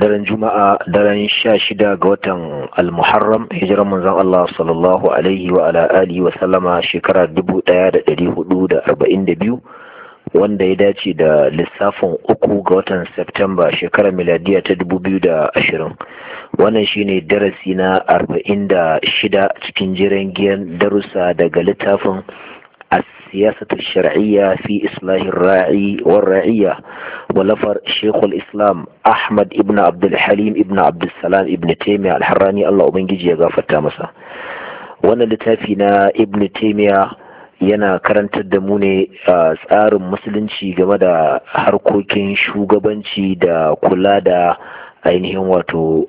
daren juma'a daren sha shida ga watan almuharram hijirar manzon Allah sallallahu alaihi wa ala wa sallama shekara dubu daya da dari hudu da arba'in da biyu wanda ya dace da lissafin uku ga watan septemba shekarar miladiya ta dubu biyu da ashirin wannan shine darasi na arba'in da shida cikin jiran giyan darussa daga littafin السياسة الشرعية في إصلاح الراعي والرعية ولفر شيخ الإسلام أحمد ابن عبد الحليم ابن عبد السلام ابن تيمية الحراني الله أبن جيجي غافر تامسا وانا لتافينا ابن تيمية yana karantar da mu ne a tsarin musulunci game da harkokin shugabanci da kula da ainihin wato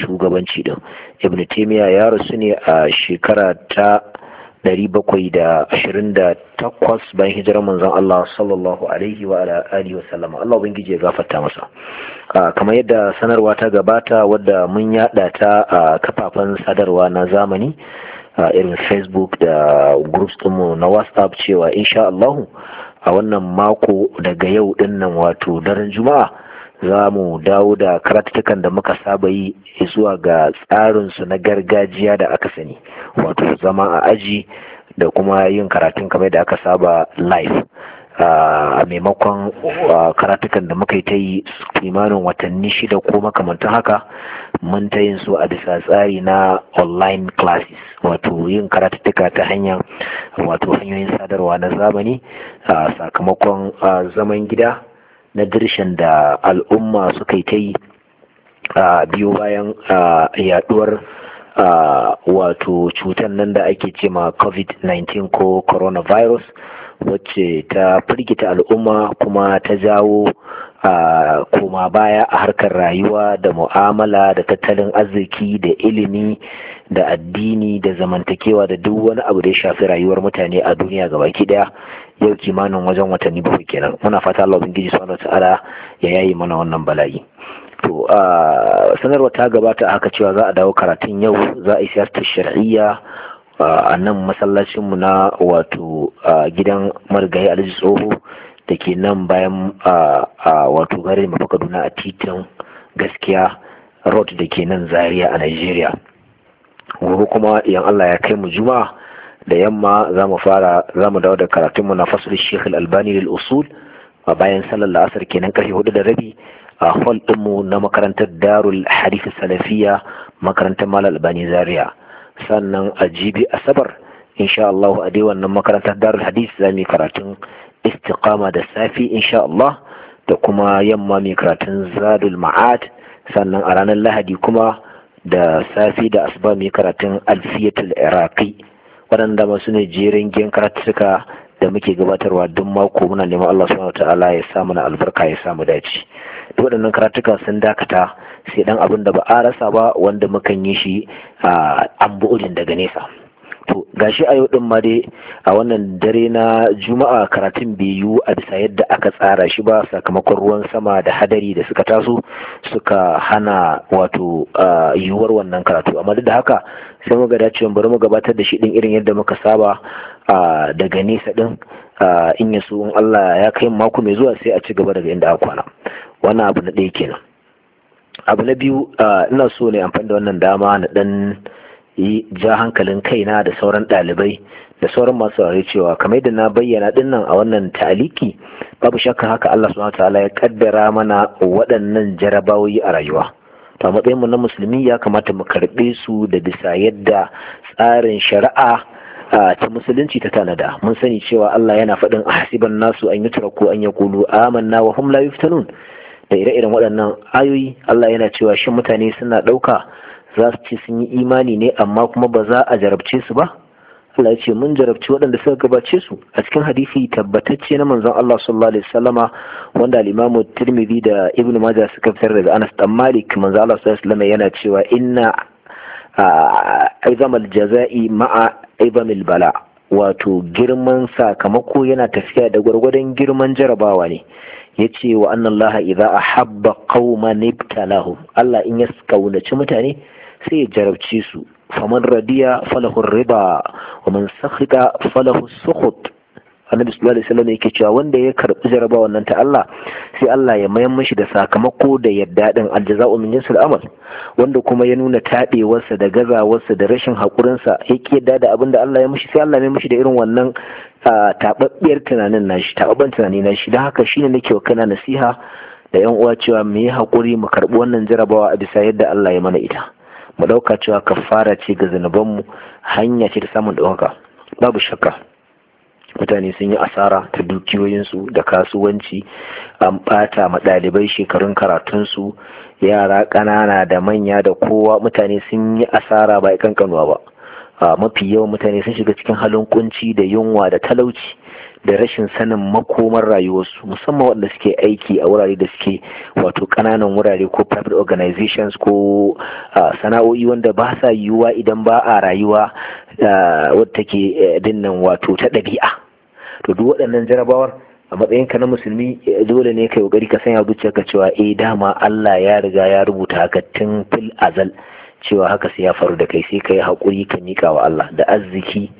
shugabanci din ibn taymiya ya rasu ne a shekara ta takwas bayan hijirar manzon Allah sallallahu alaihi wa alihi wa sallama Allah ubangiji ya gafarta masa kamar yadda sanarwa ta gabata wadda mun yada ta a kafafen sadarwa na zamani irin Facebook da groups mu na WhatsApp cewa insha a wannan mako daga yau dinnan wato daren Juma'a za mu dawo da karatukan da muka saba yi zuwa ga tsarinsu na gargajiya da aka sani wato zama a aji da kuma yin karatun kamar da aka saba live a maimakon karatukan da muka yi ta yi kimanin watanni shida ko makamantan haka mun ta yin su a bisa tsari na online classes wato yin karatuttuka ta hanyar wato hanyoyin sadarwa na zamani sakamakon zaman gida na girshen da al'umma suka yi ta yi a biyu bayan yaduwar wato cutar nan da ake ce ma covid-19 ko coronavirus wacce ta firgita al'umma kuma ta jawo a koma baya a harkar rayuwa da mu'amala da tattalin arziki da ilimi da addini da zamantakewa da duk wani abu da ya shafi rayuwar mutane a duniya gabaki daya yau kimanin wajen watanni bakwai kenan muna fata Allah ubangiji subhanahu ta'ala ya yayi mana wannan bala'i to sanarwa ta gabata a haka cewa za a dawo karatun yau za a yi siyasta shari'a a nan masallacinmu na wato gidan marigayi alhaji tsoho da ke nan bayan a wato garin mafi kaduna a titin gaskiya road da ke nan zaria a nigeria gobe kuma idan allah ya kai mu juma'a da yamma za mu fara za mu dawo da karatunmu na fasul Sheikh Al-Albani lil usul a bayan sallar la'asar kenan karfe hudu da rabi a hall ɗinmu na makarantar Darul Harif Salafiya makarantar malalbani Albani Zaria sannan a jibi Asabar insha Allah a dai wannan makarantar Darul hadis za mu yi karatun istiqama da safi insha Allah da kuma yamma mai karatun Zadul Ma'ad sannan a ranar Lahadi kuma da safi da asuba mai karatun Alfiyatul Iraqi waɗanda su ne jerin gen karatuka da muke gabatarwa duk mako muna neman Allah subhanahu ta'ala ya sa mana albarka ya samu dace duk waɗannan karatuka sun dakata sai dan abin da ba a rasa ba wanda mukan yi shi a an daga nesa to gashi a yau din ma dai a wannan dare na juma'a karatun bai yiwu a bisa yadda aka tsara shi ba sakamakon ruwan sama da hadari da suka taso suka hana wato yiwuwar wannan karatu amma duk da haka sai muga cewa bari mu gabatar da shi din irin yadda muka saba daga nesa din in ya so in Allah ya kai mako mai zuwa sai a ci gaba daga inda aka kwana wannan abu na ɗaya kenan abu na biyu ina so ne amfani da wannan dama na dan yi ja hankalin kaina da sauran ɗalibai da sauran masu saurare cewa kamar da na bayyana dinnan a wannan ta'aliki babu shakka haka Allah subhanahu ta'ala ya kaddara mana waɗannan jarabawoyi a rayuwa to a matsayin mu na musulmi ya kamata mu karɓi su da bisa yadda tsarin shari'a ta musulunci ta tanada mun sani cewa Allah yana faɗin a hasiban nasu an yi ko an ya kulu amanna wa hum la yuftanun da ire-iren waɗannan ayoyi Allah yana cewa shin mutane suna ɗauka za su ce sun yi imani ne amma kuma ba za a jarabce su ba Allah ya ce mun jarabci waɗanda suka gabace su a cikin hadisi tabbatacce na manzon Allah sallallahu alaihi wasallama wanda al-Imam Tirmidhi da Ibn Majah suka fitar daga Anas dan Malik manzon Allah sallallahu alaihi wasallama yana cewa inna aizamal jaza'i ma'a aizamil bala wato girman sakamako yana tafiya da gwargwadon girman jarabawa ne yace wa anna laha idza ahabba qauman ibtalahum Allah in ya kaunaci mutane sai ya jarabce su faman radiya falahun riba wa man sakhita falahu sukhut annabi sallallahu alaihi wasallam yake cewa wanda ya karbi jaraba wannan ta Allah sai Allah ya mayar mishi da sakamako da yadda din aljaza'u min jinsil amal wanda kuma ya nuna taɗewarsa da gazawarsa da rashin hakurinsa ya ki yadda da abinda da Allah ya mishi sai Allah ya mishi da irin wannan tababbiyar tunanin nashi tababban tunani nashi don haka shine nake wa kana nasiha da yan uwa cewa mu yi hakuri mu karbi wannan jarabawa a bisa yadda Allah ya mana ita mu ɗauka cewa kafara ce ga mu hanya ce ta samun ɗaukaka babu shakka mutane sun yi asara ta dukiyoyin su da kasuwanci an ɓata ma ɗalibai shekarun karatun su yara ƙanana da manya da kowa mutane sun yi asara ba kankanuwa ba mafi yawan mutane sun shiga cikin halin kunci da yunwa da talauci da rashin sanin makomar rayuwarsu musamman waɗanda suke aiki a wurare da suke wato kananan wurare ko private organizations ko sana'o'i wanda ba sa yiwuwa idan ba a rayuwa wadda take dinnan wato ta ɗabi'a to duk waɗannan jarabawar a matsayinka na musulmi eh, dole ne kai kokari ka sanya ka cewa eh dama Allah ya riga ya rubuta haka tun fil azal cewa haka sai ya faru da kai sai kai hakuri ka mika wa Allah da arziki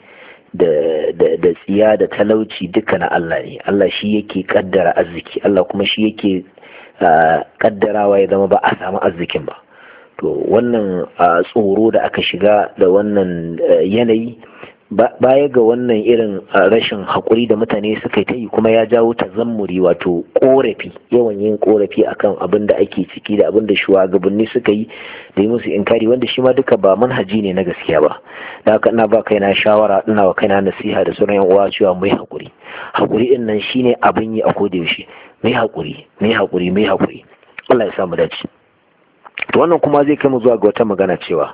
da tsiya da talauci duka na Allah ne Allah shi yake kaddara arziki Allah kuma shi yake kaddarawa ya zama ba a samu arzikin ba to wannan tsoro da aka shiga da wannan yanayi baya ga wannan irin ah, rashin haƙuri da mutane suka ta yi kuma ya jawo tazammuri wato korafi yawan yin korafi akan abin da ake ciki da abin da shugabanni suka yi da yi musu inkari wanda shi ma duka ba manhaji ne na gaskiya ba da haka ina ba kaina shawara ina wa kaina nasiha da sauran uwa cewa mai haƙuri haƙuri din nan shine abin yi a koda yaushe mai haƙuri mai haƙuri mai haƙuri Allah ya samu dace wannan kuma zai kai mu zuwa ga wata magana cewa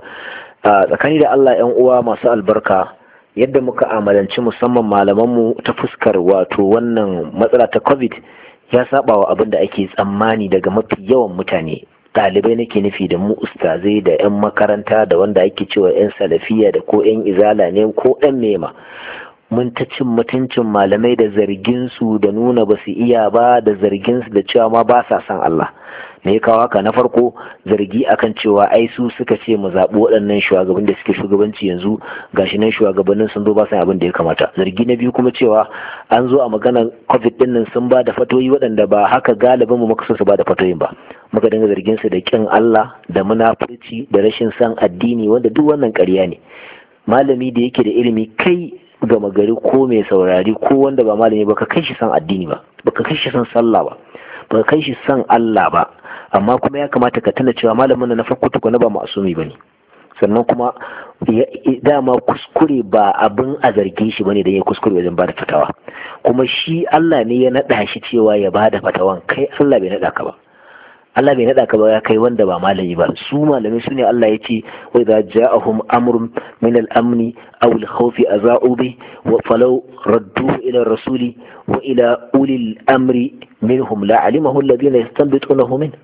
ah, tsakani da Allah 'yan uwa masu albarka yadda muka amalanci musamman malamanmu ta fuskar wato wannan matsala ta covid ya saba wa abin da ake tsammani daga mafi yawan mutane ɗalibai nake nufi da mu ustazai da 'yan makaranta da wanda ake cewa 'yan salafiya da ko 'yan izala ne ko 'yan mema mun ta cin mutuncin malamai da zargin su da nuna ba su iya ba da zargin su da cewa ma ba sa son Allah me ya kawo haka na farko zargi akan cewa ai su suka ce mu zaɓi waɗannan shugabannin da suke shugabanci yanzu gashi nan shugabannin sun zo ba san abin da ya kamata zargi na biyu kuma cewa an zo a magana covid din nan sun ba da fatoyi waɗanda ba haka galibin mu muka so su ba da fatoyin ba muka dinga zargin su da kin Allah da munafurci da rashin san addini wanda duk wannan ƙarya ne malami da yake da ilimi kai gama gari ko mai saurari ko wanda ba malami ba ka kai shi san addini ba ba ka kai shi san sallah ba ba ka kai shi san Allah ba amma kuma ya kamata ka tana cewa malamin na farko tukuna ba ma'asumi ba ne sannan kuma dama kuskure ba abin a zargin shi bane da ya kuskure wajen da fatawa kuma shi Allah ne ya naɗa shi cewa ya ba da fatawan kai Allah bai naɗa ka ba Allah bai naɗa ka ba ya kai wanda ba malami ba su malami su ne Allah ya ce wa idza ja'ahum amrun min al-amn aw al-khawf aza'u bi wa falau raddu ila rasuli wa ila ulil amri minhum la'alimahu alladhina yastanbitunahu minhu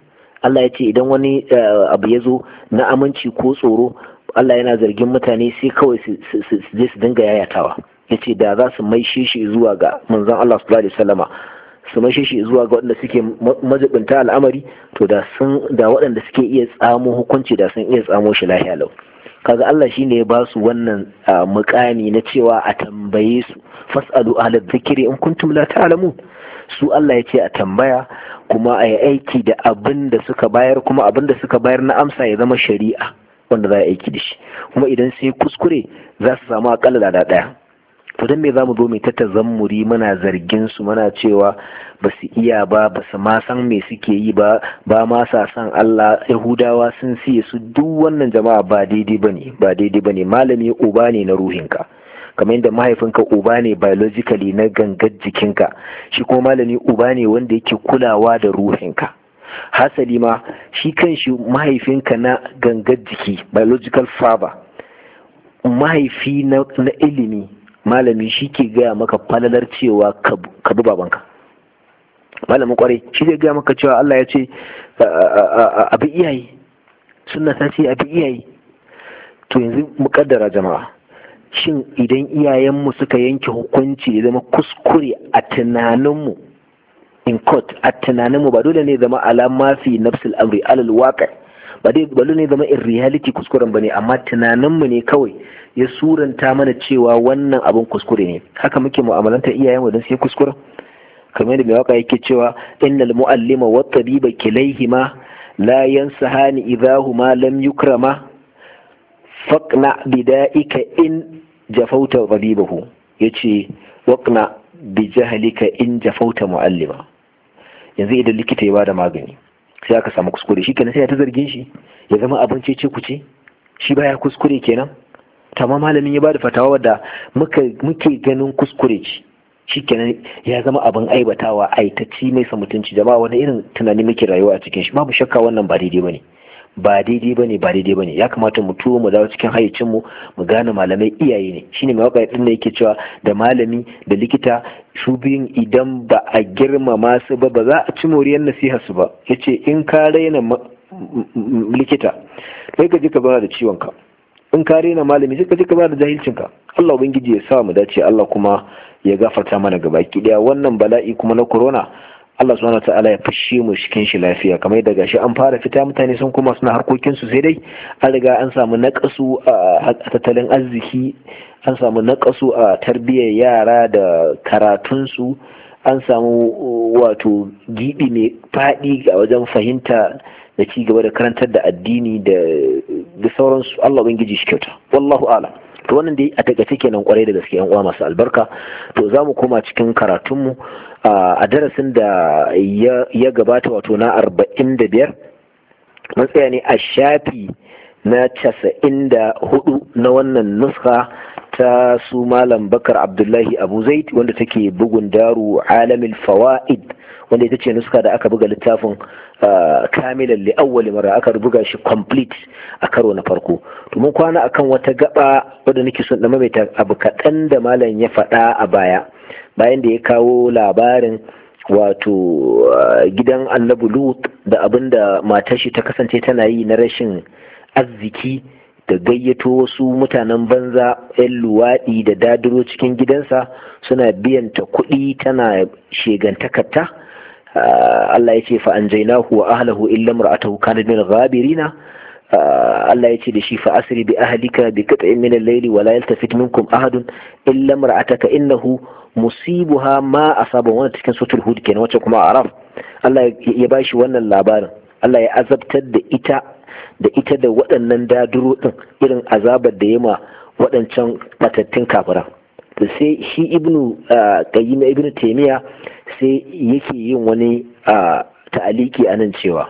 Allah ya ce idan wani eh, abu ya zo na aminci ko tsoro Allah yana zargin mutane sai kawai su je su dinga yayatawa ya ce da za su maishe shi zuwa ga manzon Allah sallallahu alaihi wasallama su maishe shi zuwa ga waɗanda suke majibinta al'amari to da sun da waɗanda suke iya tsamo hukunci da sun iya tsamo shi lahiya lau kaga Allah shine ya ba su wannan mukami na cewa a tambaye su fasalu ahla dhikri in kuntum la ta'lamun su Allah ya ce a tambaya kuma a yi aiki da abin da suka bayar kuma abin da suka bayar na amsa ya zama shari'a wanda za a aiki da shi kuma idan sai kuskure za su samu akalla da ɗaya to dan me za mu zo mai ta tazammuri muna zargin su muna cewa ba su iya ba ba su ma san me suke yi ba ba ma sa san Allah yahudawa sun siye su duk wannan jama'a ba daidai bane ba daidai bane malami uba ne na ruhinka kamar yadda mahaifinka uba ne biologically na gangar jikinka shi kuma malami uba ne wanda yake kulawa da ruhinka hasali ma shi kan shi mahaifinka na gangar jiki biological father mahaifi na, na ilimi malami shi ke gaya maka falalar cewa ka bi babanka malamin kwarai shi zai gaya maka cewa Allah ya ce abi iyaye suna ta ce abi iyaye to yanzu mukaddara jama'a shin idan iyayenmu suka yanke hukunci ya zama kuskure a tunaninmu in court a tunaninmu ba dole ne zama alama fi nafsul amri alal waqi ba dole ne zama in reality kuskuren ba ne? amma tunaninmu ne kawai ya suranta mana cewa wannan abin kuskure ne haka muke mu'amalantar iyayenmu don sai kuskuren kamar da mai waka yake cewa innal mu'allima wat tabiba layansa la yansahani idahuma lam yukrama faƙna bida'ika in jafauta ya yace waƙna bi jahlika in jafauta muallima yanzu idan likita ya bada magani sai aka samu kuskure shi kenan sai ta zargin shi ya zama abinci ce kuce shi baya kuskure kenan ma malamin ya bada fatawa da muke ganin kuskure ce kenan ya zama abin aibatawa aitacci mai sa mutunci jama'a wani irin tunani muke rayuwa a cikin shi babu shakka wannan ba daidai bane ba daidai bane ba daidai bane ya kamata mu tuwo mu dawo cikin hayyacin mu mu gane malamai iyaye ne shine mai wakai din da yake cewa da malami da likita su biyun idan ba a girmama su ba ba za a ci moriyar nasiha su ba yace in ka raina likita sai ka ji ka bana da ciwon ka in ka raina malami sai ka ji ka bana da jahilcin ka Allah ubangiji ya sa mu dace Allah kuma ya gafarta mana gabaki daya wannan bala'i kuma na corona Allah subhanahu ta'ala ya fushi mu cikin shi lafiya kamar yadda gashi an fara fita mutane sun kuma suna harkokin su sai dai an riga an samu naƙasu a tattalin arziki an samu naƙasu a tarbiyyar yara da karatun su an samu uh, wato giɓi mai faɗi a wajen fahimta da ci gaba da karantar da addini da sauransu Allah ubangiji shi kyauta wallahu a'lam to wannan dai a takaice kenan kwarai da gaske yan uwa masu albarka to za mu koma cikin karatunmu a darasin da ya gabata wato na arba'in da biyar mun tsaya ne a shafi na casa'in da hudu na wannan nuska ta su malam bakar abdullahi abu zaid wanda take bugun daru alamil fawaid wanda ita ce nuska da aka buga littafin ah, kamilan li awwali mara aka buga shi complete a karo na farko to mun kwana akan wata gaba wadda nake son dama mai abu kaɗan da malam ya faɗa a baya bayan da ya kawo labarin wato ah, gidan annabi da abinda matar shi ta kasance tana yi na rashin arziki da gayyato wasu mutanen banza 'yan luwaɗi da dadiro cikin gidansa suna biyan ta kuɗi tana shegantakarta ah, Allah ya ce fa jaina jainahu wa ahlahu illa mar'atahu kanat min ghabirina ah, Allah ya ce da shi fa asri bi ahlika bi qat'in min al-layli wa la yaltafit minkum ahadun illa mar'ataka innahu musibuha ma asaba wa cikin sutul hud kenan wacce kuma araf Allah ya bashi wannan labarin Allah ya azabtar da ita da ita da waɗannan daduro ɗin irin azabar da yama waɗancan ɓatattun kafiran da sai shi ibnu qayyim ibnu taimiya sai yake yin wani ta'aliki a nan cewa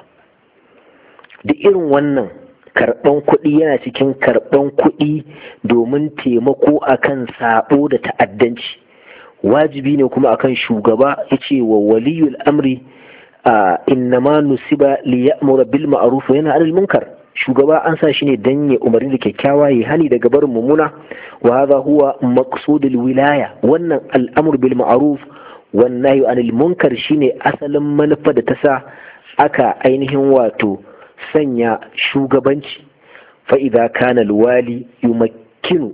duk irin wannan karɓan kuɗi yana cikin karɓan kuɗi domin taimako akan sabo da ta'addanci wajibi ne kuma akan shugaba ya ce wa waliyul amri innama nusiba li ya'mura bil ma'ruf wa yanha 'anil munkar shugaba an sa shi ne dan ya umarni da kyakkyawa ya hani daga barin mummuna wa hadha huwa maqsudul wilaya wannan al'amur bil ma'ruf wan nahyu 'anil munkar shine asalin manufa da ta sa aka ainihin wato sanya shugabanci fa idza kana alwali yumakkinu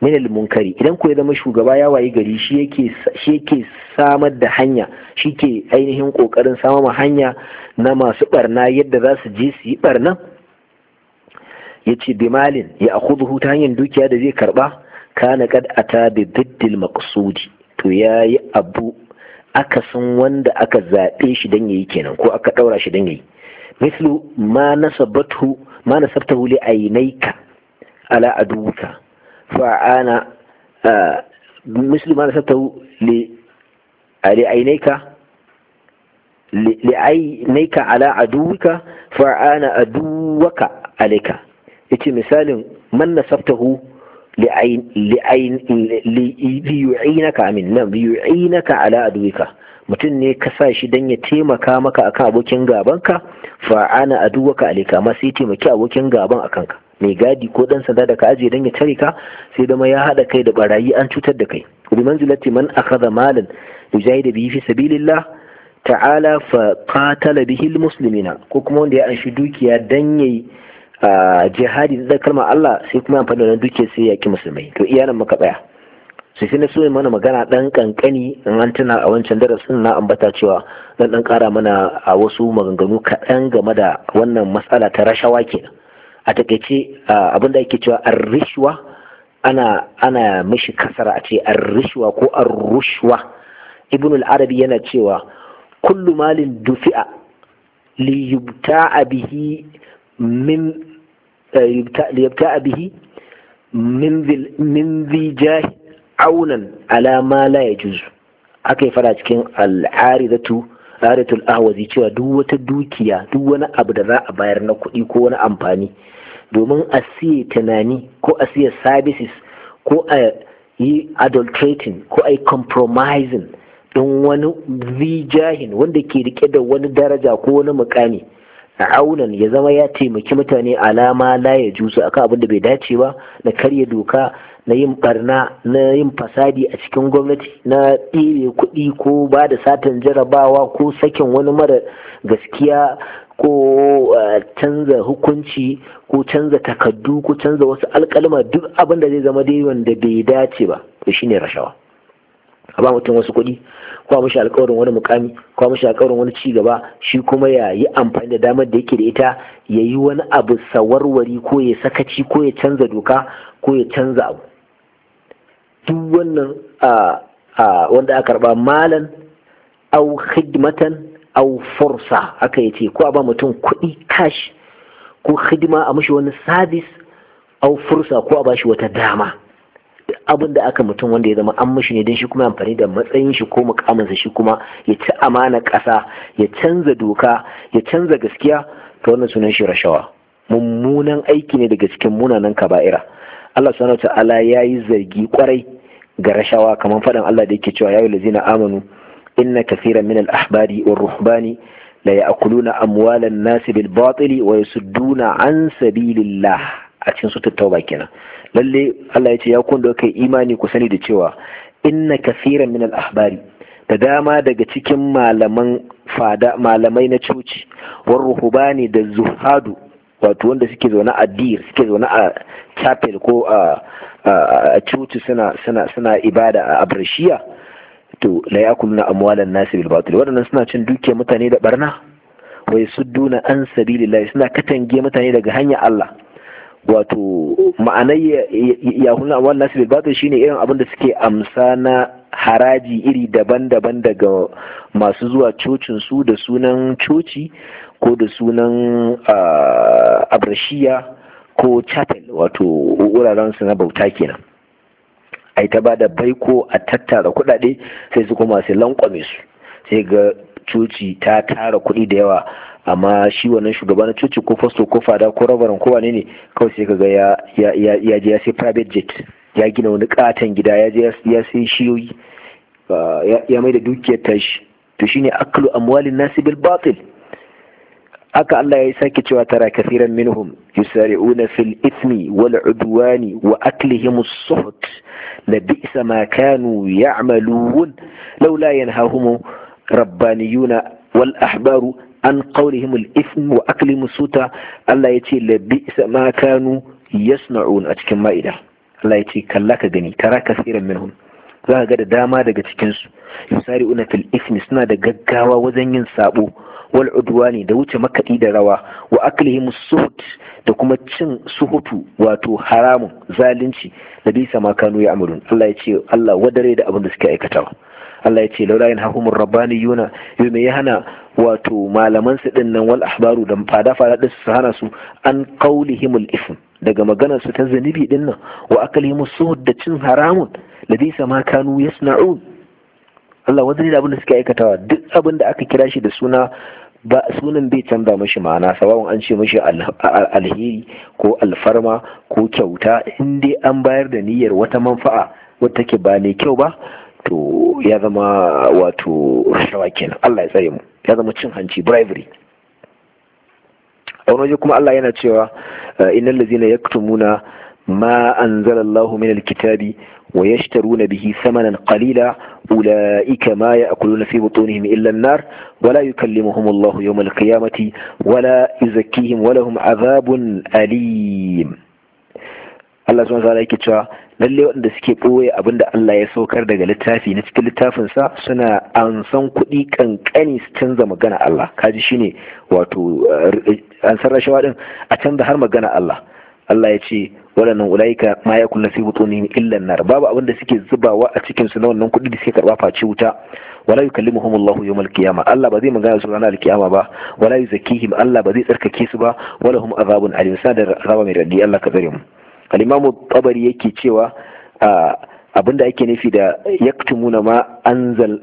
min al-munkari idan ku ya zama shugaba ya wayi gari shi yake shi yake samar da hanya shi ke ainihin kokarin samar ma hanya na masu barna yadda za su je su yi barna yace bimalin ya akhudhu ta hanyar dukiya da zai karba kana qad ata bi diddil maqsudi to yayi abu akasin wanda aka zaɓe shi dan yayi kenan ko aka daura shi dan yayi mislu ma nasabathu ma nasabtahu li aynaika ala aduka فأنا آه مثل ما نسبته لعينيك لعينيك على عدوك فأنا عدوك عليك مثال من misalin لعين لعين ليعينك amin nan liyu'inaka على عدوك mutum ne ka sa shi dan ya taimaka maka akan abokin gabanka fa ana aduwaka alika ma sai taimaki abokin gaban akanka mai gadi ko dan sanda da ka aje dan ya tare ka sai dama ya hada kai da barayi an cutar da kai bi manzilati man akhadha malan yujahid bihi fi sabilillah ta'ala fa qatala bihi almuslimina ko kuma wanda ya anshi dukiya dan yayi jihadi da kalmar Allah sai kuma amfani da dukiya sai yaki musulmai to nan muka tsaya sai sai na so mana magana dan kankani in an tuna a wancan darasin na ambata cewa dan dan kara mana a wasu maganganu kaɗan game da wannan matsala ta rashawa kenan a takaice abin da ake cewa arrishwa ana ana mishi kasara a ce an rishwa ko an rushwa? ibn al-arabi yana cewa kullu malin dufi'a li yubta'a bihi min eh, yubta'a bihi min zi aunan ala ma la yajuzu aka yi fara cikin al tsaratul ahwazi cewa duk wata dukiya duk wani abu da za a bayar na kuɗi ko wani amfani domin a siye tunani ko a siya services ko a yi adulterating ko a yi compromising don wani zijahin wanda ke rike da wani daraja ko wani mukami aunan ya zama ya taimaki mutane alama la ya jusu akan abin da bai dace ba na karya doka na yin barna na yin fasadi a cikin gwamnati na ɗire kuɗi ko ba da satan jarabawa ko sakin wani mara gaskiya ko eh, canza hukunci ko canza takaddu ko canza wasu alkalma duk abin da zai zama dai wanda bai dace ba to shine rashawa a ba mutum wasu kuɗi ko mashi alkawarin wani mukami ko mashi alkawarin wani ci gaba shi kuma ya yi amfani da damar da yake da ita ya yi wani abu sawarwari ko ya sakaci ko ya canza doka ko ya canza abu duk wannan wanda aka karba malan au khidmatan au fursa aka yace ko a ba mutum kuɗi cash ko hidima a mashi wani sabis au fursa ko a ba shi wata dama abin da aka mutum wanda ya zama an mishi ne don shi kuma amfani da matsayin shi ko mukaminsa shi kuma ya ci amana ƙasa ya canza doka ya canza gaskiya ta wannan sunan shi rashawa mummunan aiki ne daga cikin munanan kaba'ira Allah subhanahu ta'ala ya yi zargi kwarai ga rashawa kamar faɗan Allah da yake cewa ya lazina amanu inna kafiran min al-ahbari wa ruhbani la ya'kuluna amwalan nasi bil batili wa yasudduna an sabilillah a cikin sutar tauba kenan lalle Allah ya ce ya kun da kai imani ku sani da cewa inna kaseeran min al-ahbari da dama daga cikin malaman fada malamai na coci war ruhubani da zuhadu wato wanda suke zaune a dir suke zaune a chapel ko a coci suna suna suna ibada a abrashiya to la yakuluna amwalan nasi bil batil wadannan suna cin duke mutane da barna wai sudduna an sabilillahi suna katange mutane daga hanyar Allah wato ma'anar yahuna nasu su batil shine irin abin da suke amsa na haraji iri daban-daban daga masu zuwa cocin su da sunan coci ko da sunan abrashiya ko chapel wato wuraren su na bauta kenan ai ta ba da baiko a tattara kudade sai su kuma su lankwame su sai ga coci ta tara kuɗi da yawa amma shi wannan shugaba na coci ko fasto ko fada ko rabaran ko wane ne kawai sai kaga ya ya je ya sai private jet ya gina wani katon gida ya je ya sai shiyoyi ya mai da dukiyar tashi to shine aklu amwalin nasi bil batil haka Allah ya sake cewa tara kathiran minhum yusari'una fil ithmi wal udwani wa aklihim as suhut la bi'sa ma kanu ya'malun laula yanhahum rabbaniyuna wal ahbaru an qawlihim al-ithm wa aklihim suta Allah yace labi ma kanu yasna'un a cikin ma'ida Allah yace kalla ka gani tara kasiran minhum za ka ga da dama daga cikin su yusari'una fil ithm suna da gaggawa wajen yin sabo wal udwani da wuce makaɗi da rawa wa aklihim suhut da kuma cin suhutu wato haramun zalunci da bisa ma kanu ya amurun Allah ya ce Allah wadare da abin da suke aikatawa Allah ya ce laula in hahumur rabbaniyuna yau me ya hana wato malaman su din nan wal ahbaru da fada fada din su hana su an qaulihimul ism daga maganar su ta zanibi din nan wa akalimus suhud da cin haramun ladisa ma kanu yasna'un Allah wanda da abin da suke aikatawa duk abin da aka kira shi da suna ba sunan bai canza mashi ma'ana sawawan an ce mashi alheri ko alfarma ko kyauta in dai an bayar da niyyar wata manfa'a wata ke ba ne kyau ba to ya zama wato rashawa kenan Allah ya tsare mu ya zama cin hanci bribery a wani kuma Allah yana cewa eh, innal ladzina yaktumuna ma anzalallahu min alkitabi wa yashtaruna bihi thamanan qalila ulaika ma ya'kuluna fi butunihim illa an-nar wa la yukallimuhum Allah yawm al-qiyamati wa la yuzakkihim wa lahum adhabun alim Allah subhanahu wa ta'ala yake cewa Lallai waɗanda suke ɓoye abin da Allah ya saukar daga littafi na cikin littafinsa suna an san kuɗi kankani su canza magana Allah kaji shine wato eh, an san rashawa ɗin, a canza har magana Allah Allah ya ce waɗannan ulaika ma ya sai fi ne illan nar babu abin suke zubawa a cikin su na wannan kuɗi da suke karɓa face wuta wala yukallimuhum Allah yawmal qiyamah Allah ba zai magana su ranar alkiyama ba wala yuzakkihim Allah ba zai tsarkake su ba wala hum azabun alim sadar azaba mai radi Allah ka tsare mu alimamu imamu tabari yake cewa abinda ake nufi da yaktumuna ma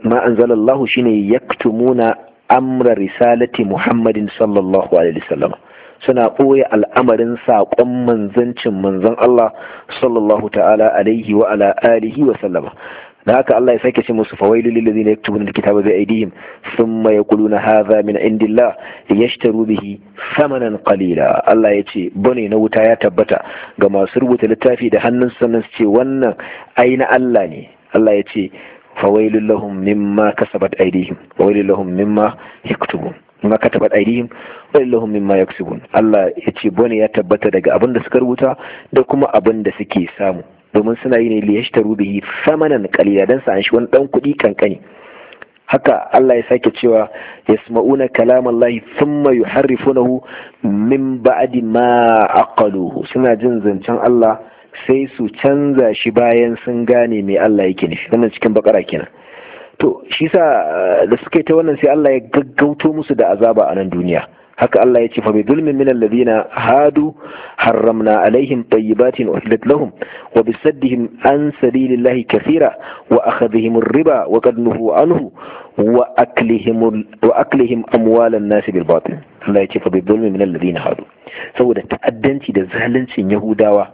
ma anzalallahu shine yaktumuna amra risalati muhammadin sallallahu alaihi wasallam suna ɓoye al'amarin saƙon manzancin manzon Allah sallallahu ta'ala alaihi wa ala alihi wa sallama da haka Allah ya sake ce musu fawailul lil ladina yaktubuna alkitaba bi aydihim thumma yaquluna hadha min indillah liyashtaru bihi thamanan qalila Allah ya ce bane na wuta ya tabbata ga masu rubuta littafi da hannun sannan su ce wannan ai na Allah ne Allah ya ce fawailu lahum mimma kasabat aydihim fawailu lahum mimma yaktubun ma katabat aidihim fawailu lahum mimma yaksubun Allah ya ce bane ya tabbata daga abin da suka rubuta da kuma abin da suke samu domin suna yi ne ta rubi samanan kalila dan sa an shi wani dan kuɗi kankani haka Allah ya sake cewa kalaman yasma'una kalamallahi thumma yuharrifunahu min ba'adi ma aqaluhu suna jin zancen Allah sai su canza shi bayan sun gane mai Allah yake nufi wannan cikin bakara kenan to shi sa eh, da suka yi ta wannan sai Allah ya gaggauto musu da azaba a nan duniya haka Allah ya ce fa bi zulmin min alladhina hadu harramna alaihim tayyibatin uhillat lahum wa bi saddihim an sabilillahi kathira wa akhadhihim riba wa qad nuhu anhu wa aklihim wa aklihim amwalan nas bil batil Allah ya ce fa bi zulmin min alladhina hadu saboda ta'addanci da zaluncin yahudawa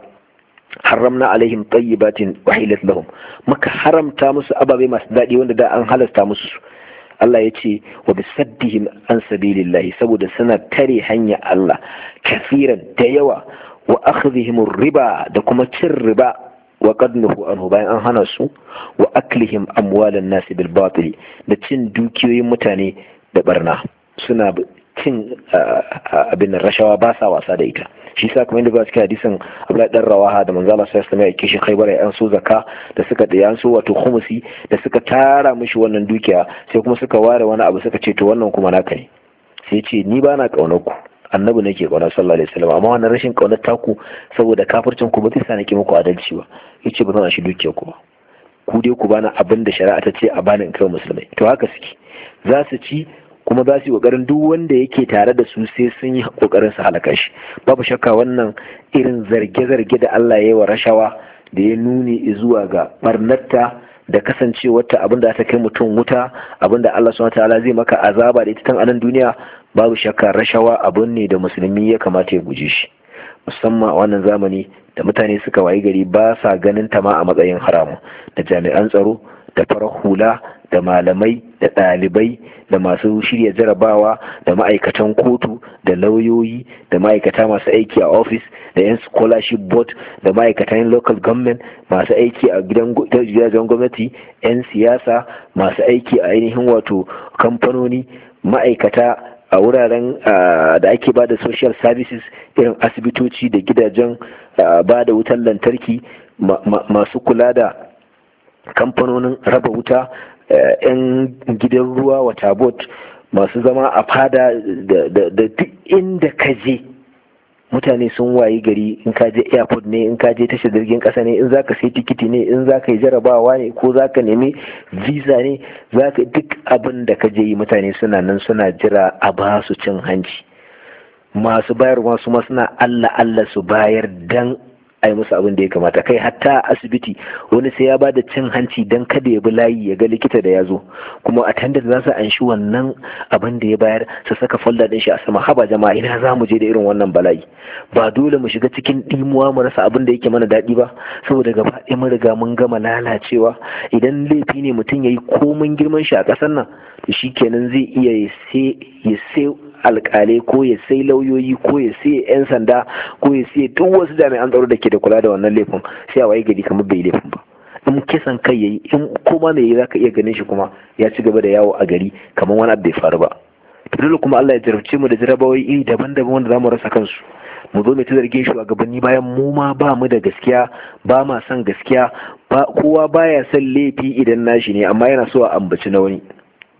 haramna alaihim tayyibatin uhillat lahum maka haramta musu ababe masu dadi wanda da an halasta musu Allah ya ce wa bisaddihim an sabilillahi saboda suna tare hanya Allah kafiran da yawa wa akhdhihim riba da kuma cin riba wa qad anhu bayan an hana su wa aklihim amwalan nas bil batil da cin dukiyoyin mutane da barna suna cin ah, ah, abin rashawa ba sa wasa da ita shi sa kamar yadda ba cikin hadisin Abdullahi dan Rawaha da manzo Allah sallallahu alaihi wasallam ya kishi Khaybar ya su zakka da suka da yansu wato khumusi da suka tara mishi wannan dukiya sai kuma suka ware wani abu suka ce to wannan kuma naka ne sai ce ni ba na kaunar ku annabi nake kauna sallallahu alaihi wasallam amma wannan rashin kaunar taku saboda kafircin ku ba zai sa nake muku adalci ba yace ba zan shi dukiya ku ba ku dai ku bana abin da shari'a ta ce a bani in kai musulmai to haka suke za su ci kuma za su yi kokarin duk wanda yake tare da su sai sun yi kokarin su halaka shi babu shakka wannan irin zarge-zarge da Allah ya yi wa rashawa da ya nuni zuwa ga barnatta da kasancewarta abin da ta kai mutum wuta abin da Allah subhanahu ta'ala zai maka azaba da ita tan anan duniya babu shakka rashawa abun ne da musulmi ya kamata ya guje shi musamman a wannan zamani da mutane suka wayi gari ba sa ganin ta ma a matsayin haramu, da jami'an tsaro da farar hula da malamai da ɗalibai da masu shirya jarabawa da ma'aikatan kotu da lauyoyi da ma'aikata masu aiki a ofis da 'yan scholarship board da ma'aikatan local government masu aiki a gidajen gwamnati 'yan siyasa masu aiki a ainihin wato kamfanoni ma'aikata a wuraren da ake ba da social services irin asibitoci da gidajen ba da wutan lantarki masu kula da kamfanonin raba wuta Eh, 'yan gidan ruwa wata bot masu zama a fada da duk inda ka je mutane sun wayi gari in ka je airport ne in ka je tashar jirgin kasa ne in zaka sai tikiti ne in zaka yi jarabawa ne ko ka nemi visa ne zaka duk abin da ka je yi mutane suna nan suna jira a ba su cin hanci masu bayarwa su ma suna allah allah su bayar dan a yi musu abin da ya kamata kai hatta a asibiti wani sai ya bada cin hanci don kada ya bi layi ya ga likita da ya zo kuma a tanda za su anshi wannan abin da ya bayar su saka folder din shi a sama haba jama'a ina za mu je da irin wannan bala'i ba dole mu shiga cikin dimuwa mu rasa abin da yake mana daɗi ba saboda gaba ɗaya mun riga mun gama lalacewa idan laifi ne mutum ya yi komin girman shi a ƙasar nan to shikenan zai iya ya sai alkalai ko ya sai lauyoyi ko ya sai yan sanda ko ya sai duk wasu jami'an tsaro da ke da kula da wannan laifin sai a waye gari kamar bai laifin ba in kisan kai yayi in kuma me za zaka iya ganin shi kuma ya ci gaba da yawo a gari kamar wani abu bai faru ba to dole kuma Allah ya jarabce mu da jarabawai iri daban-daban wanda zamu rasa kansu mu zo mai ta zargin shugabanni bayan mu ma ba mu da gaskiya ba ma son gaskiya kowa baya son laifi idan nashi ne amma yana so a ambaci na wani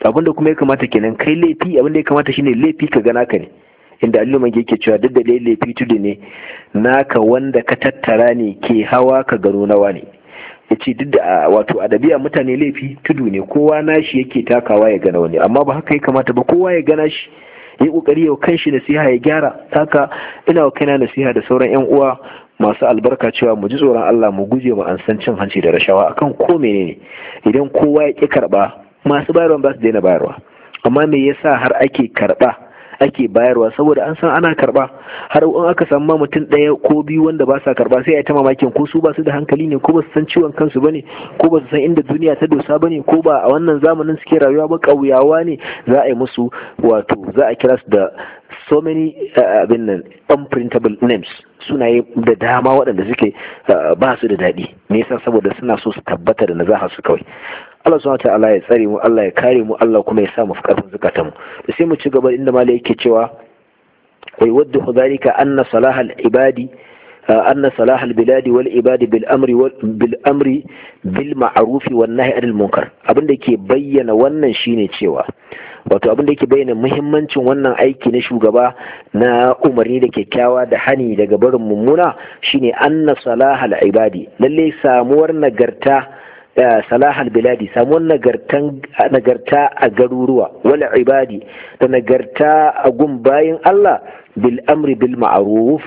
abinda kuma ya kamata kenan kai laifi abinda ya kamata shine laifi ka gana ka ne inda alluma mange yake cewa duk da dai laifi tudu ne naka wanda ka tattara ne ke hawa ka gano nawa ne yace duk da wato adabiya mutane laifi tudu ne kowa nashi yake takawa ya gana wani amma ba haka ya kamata ba kowa ya gana shi yi kokari ya kan shi nasiha ya gyara haka ina wa kaina nasiha da sauran yan uwa masu albarka cewa mu ji tsoron Allah mu guje mu an cin hanci da rashawa akan ko menene idan kowa ya ki karba masu bayarwa ba su daina bayarwa amma me yasa har ake karba ake bayarwa saboda an san ana karba har in aka samu ma mutum ɗaya ko biyu wanda ba sa karba sai a ta mamakin ko su ba su da hankali ne ko ba su san ciwon kansu ba ne, ko ba su san inda duniya ta dosa ba ne, ko ba a wannan zamanin suke rayuwa ba ƙauyawa ne za a yi musu wato za a kira su da so many eh, abin nan unprintable names sunaye da dama waɗanda suke eh, ba su da daɗi me yasa saboda suna so su tabbata da nazaha kawai Allah subhanahu ta'ala ya tsare mu Allah ya kare mu Allah kuma ya sa mu karfin zakatan mu sai mu ci gaba inda da yake cewa wa wadda dhalika anna salah al-ibadi ah, anna biladi wal ibadi bil amri bil amri bil ma'ruf wan anil munkar abinda ke bayyana wannan shine cewa wato abinda yake bayyana muhimmancin wannan aiki na shugaba na umarni da kyakkyawa da hani daga barin mummuna shine anna salah al-ibadi lalle samuwar nagarta salahal biladi samuwar nagarta a garuruwa wala ibadi da nagarta a gun bayan Allah bil amri bil ma'ruf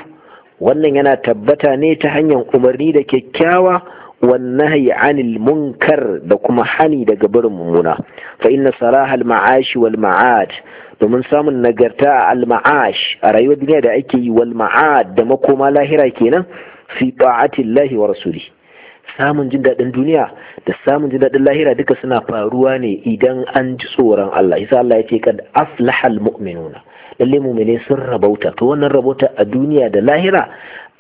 wannan yana tabbata ne ta hanyar umarni da kyakkyawa والنهي anil munkar, da kuma hani daga barin mummuna fa inna salaha al-ma'ash wal ma'ad domin samun nagarta al-ma'ash a rayuwar duniya da ake yi wal ma'ad da makoma lahira kenan fi ta'ati wa rasuli samun jin daɗin duniya da samun jin daɗin lahira duka suna faruwa ne idan an ji tsoron Allah isa Allah ya ce kad aflahal mu'minuna lalle mu'mine sun rabauta to wannan rabauta a duniya da lahira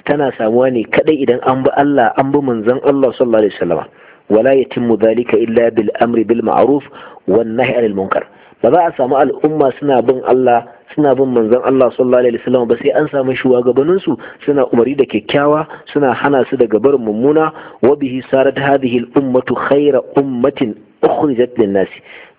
tana samuwa ne kadai idan an bi Allah an bi manzon Allah sallallahu alaihi wasallam wala yatimmu dhalika illa bil amri bil ma'ruf wan nahyi anil munkar ba za a samu al'umma suna bin Allah suna bin manzon Allah sallallahu alaihi wasallam ba sai an samu shugabannin su suna umari da kyakkyawa suna hana su daga barin mummuna wa bihi sarat hadhihi al-ummatu khayra ummatin ukhrijat lin-nas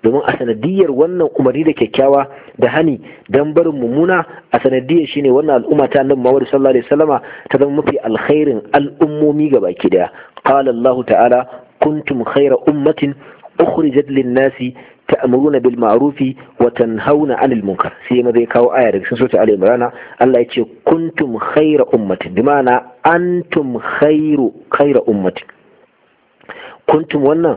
domin a sanadiyar wannan umarni da kyakkyawa da hani dan barin mummuna a sanadiyar shine wannan al'umma ta nan mawar sallallahu alaihi wasallama ta zama mafi alkhairin al'ummomi gabaki daya qala Allah ta'ala kuntum khayra ummatin lin-nas ta'muruna bilmarufi watan wa tanhauna 'anil munkar sai ma zai kawo aya daga cikin suratul al-imran Allah yace kuntum khayra ummatin bi ma'ana antum khayru khayra ummatin kuntum wannan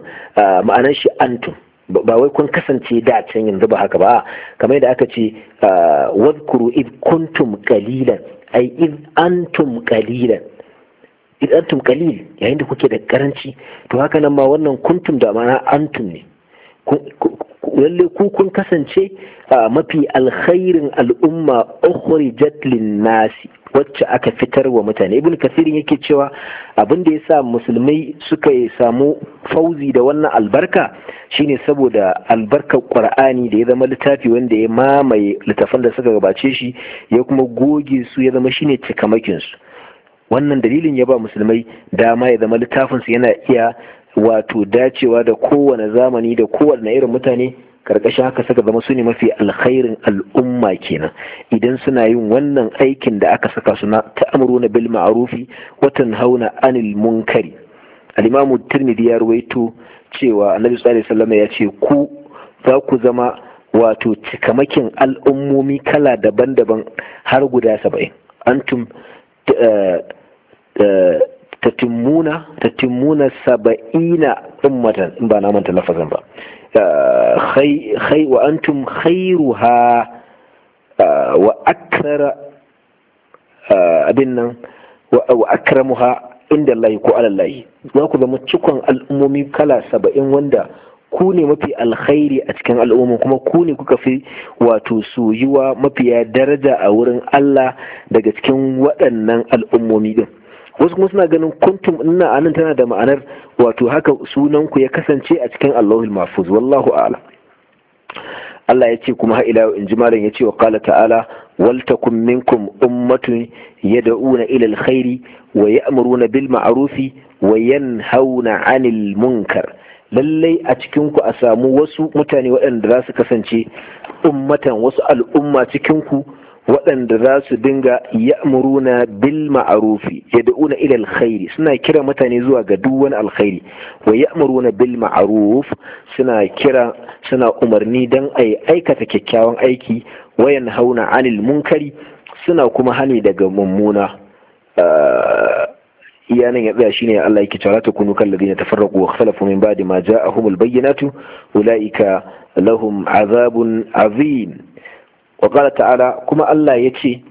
ma'anar shi antum ba wai kun kasance da can yanzu ba haka ba kamar yadda aka ce wadkuru id kuntum qalilan ai id antum qalilan id antum qalil yayin da kuke da karanci to hakanan ma wannan kuntum da ma'ana antum ne lalle ku kun kasance mafi alkhairin al'umma ukhrijat lin nasi wacce aka fitar wa mutane ibn kasirin yake cewa abin da yasa musulmai suka samu fauzi da wannan albarka shine saboda albarkar qur'ani da ya zama littafi wanda ya mamaye littafan da suka gabace shi ya kuma goge su ya zama shine cikamakin su wannan dalilin ya ba musulmai dama ya zama su yana iya wato dacewa da kowane zamani da kowane irin mutane karkashin haka saka zama su ne mafi alkhairin al'umma kenan idan suna yin wannan aikin da aka saka suna na bil ma'arufi watan hauna anil munkari kari. imamu tirmidhi ya ruwaito cewa annabi sallallahu alaihi ya ce ku za ku zama wato cikamakin al'ummomi kala daban-daban har guda saba'in antum eh, eh, tatimuna tatimuna saba'ina ummatan in ba na manta lafazan ba uh, khai wa antum khairuha uh, wa akrara uh, abin nan wa akramuha inda Allah ko Allah za ku zama cikon al'ummomi kala saba'in wanda ku ne mafi alkhairi a cikin al'ummomi? kuma ku ne kuka fi wato soyuwa mafiya daraja a wurin Allah daga cikin waɗannan al'ummomi din wasu kuma suna ganin kuntum ina anan tana da ma'anar wato haka sunanku ya kasance a cikin Allahul Mahfuz wallahu a'la Allah ya ce kuma ila in ji malam ya ce wa qala ta'ala wal takum minkum ummatun yad'una ila alkhairi wa ya'muruna bil ma'rufi wa yanhauna 'anil munkar lallai a cikin ku a samu wasu mutane waɗanda za su kasance ummatan wasu al'umma cikin ku waɗanda za su dinga ya'muruna bil ma'arufi yad'una ila alkhairi suna kira mutane zuwa ga duk wani alkhairi wa ya'muruna bil ma'aruf suna kira suna umarni dan ai aikata kyakkyawan aiki wayan hauna anil munkari suna kuma hani daga mummuna ah, iyanan ya tsaya shi ne Allah yake cewa ta kunu na tafarraku wa khalafu min ba'di ma ja'ahumul bayyinatu ulaika lahum azabun azim wa ta'ala kuma Allah yace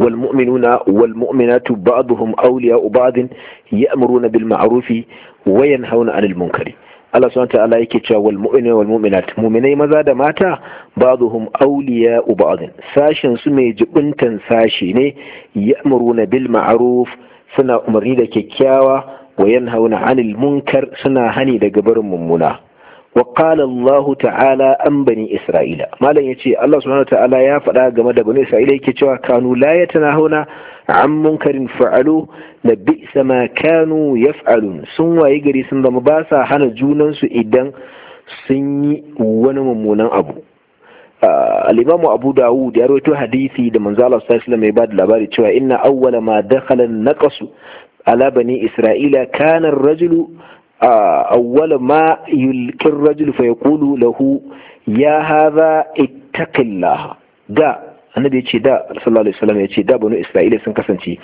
wal mu'minuna wal mu'minatu ba'dhum awliya'u ba'd ya'muruna bil ma'rufi wa yanhauna 'anil Allah subhanahu ta'ala yake cewa wal mu'minuna wal mu'minai maza da mata ba'dhum awliya'u ba'd sashin su mai jibuntan sashe ne ya'muruna bil ma'ruf suna umarni da kyakkyawa wa yanhauna 'anil suna hani daga barin mummuna wa Allah ta'ala an bani Isra'ila malam ya ce Allah subhanahu ta'ala ya faɗa game da bani Isra'ila yake cewa kanu la yatanahuna an munkarin fa'alu la bi'sa ma kanu yaf'alun sun waye gari sun zama ba sa hana junan su idan sun yi wani mummunan abu al abu dawud ya rawaito hadisi da Manzala, Allah sallallahu ba da labari cewa inna awwala ma dakalan an ala bani isra'ila kanan rajulu awwal ma yulqir rajul fa yaqulu lahu ya hadha ittaqillah da annabi ya ce da sallallahu alaihi wasallam ya ce da banu isra'ila sun kasance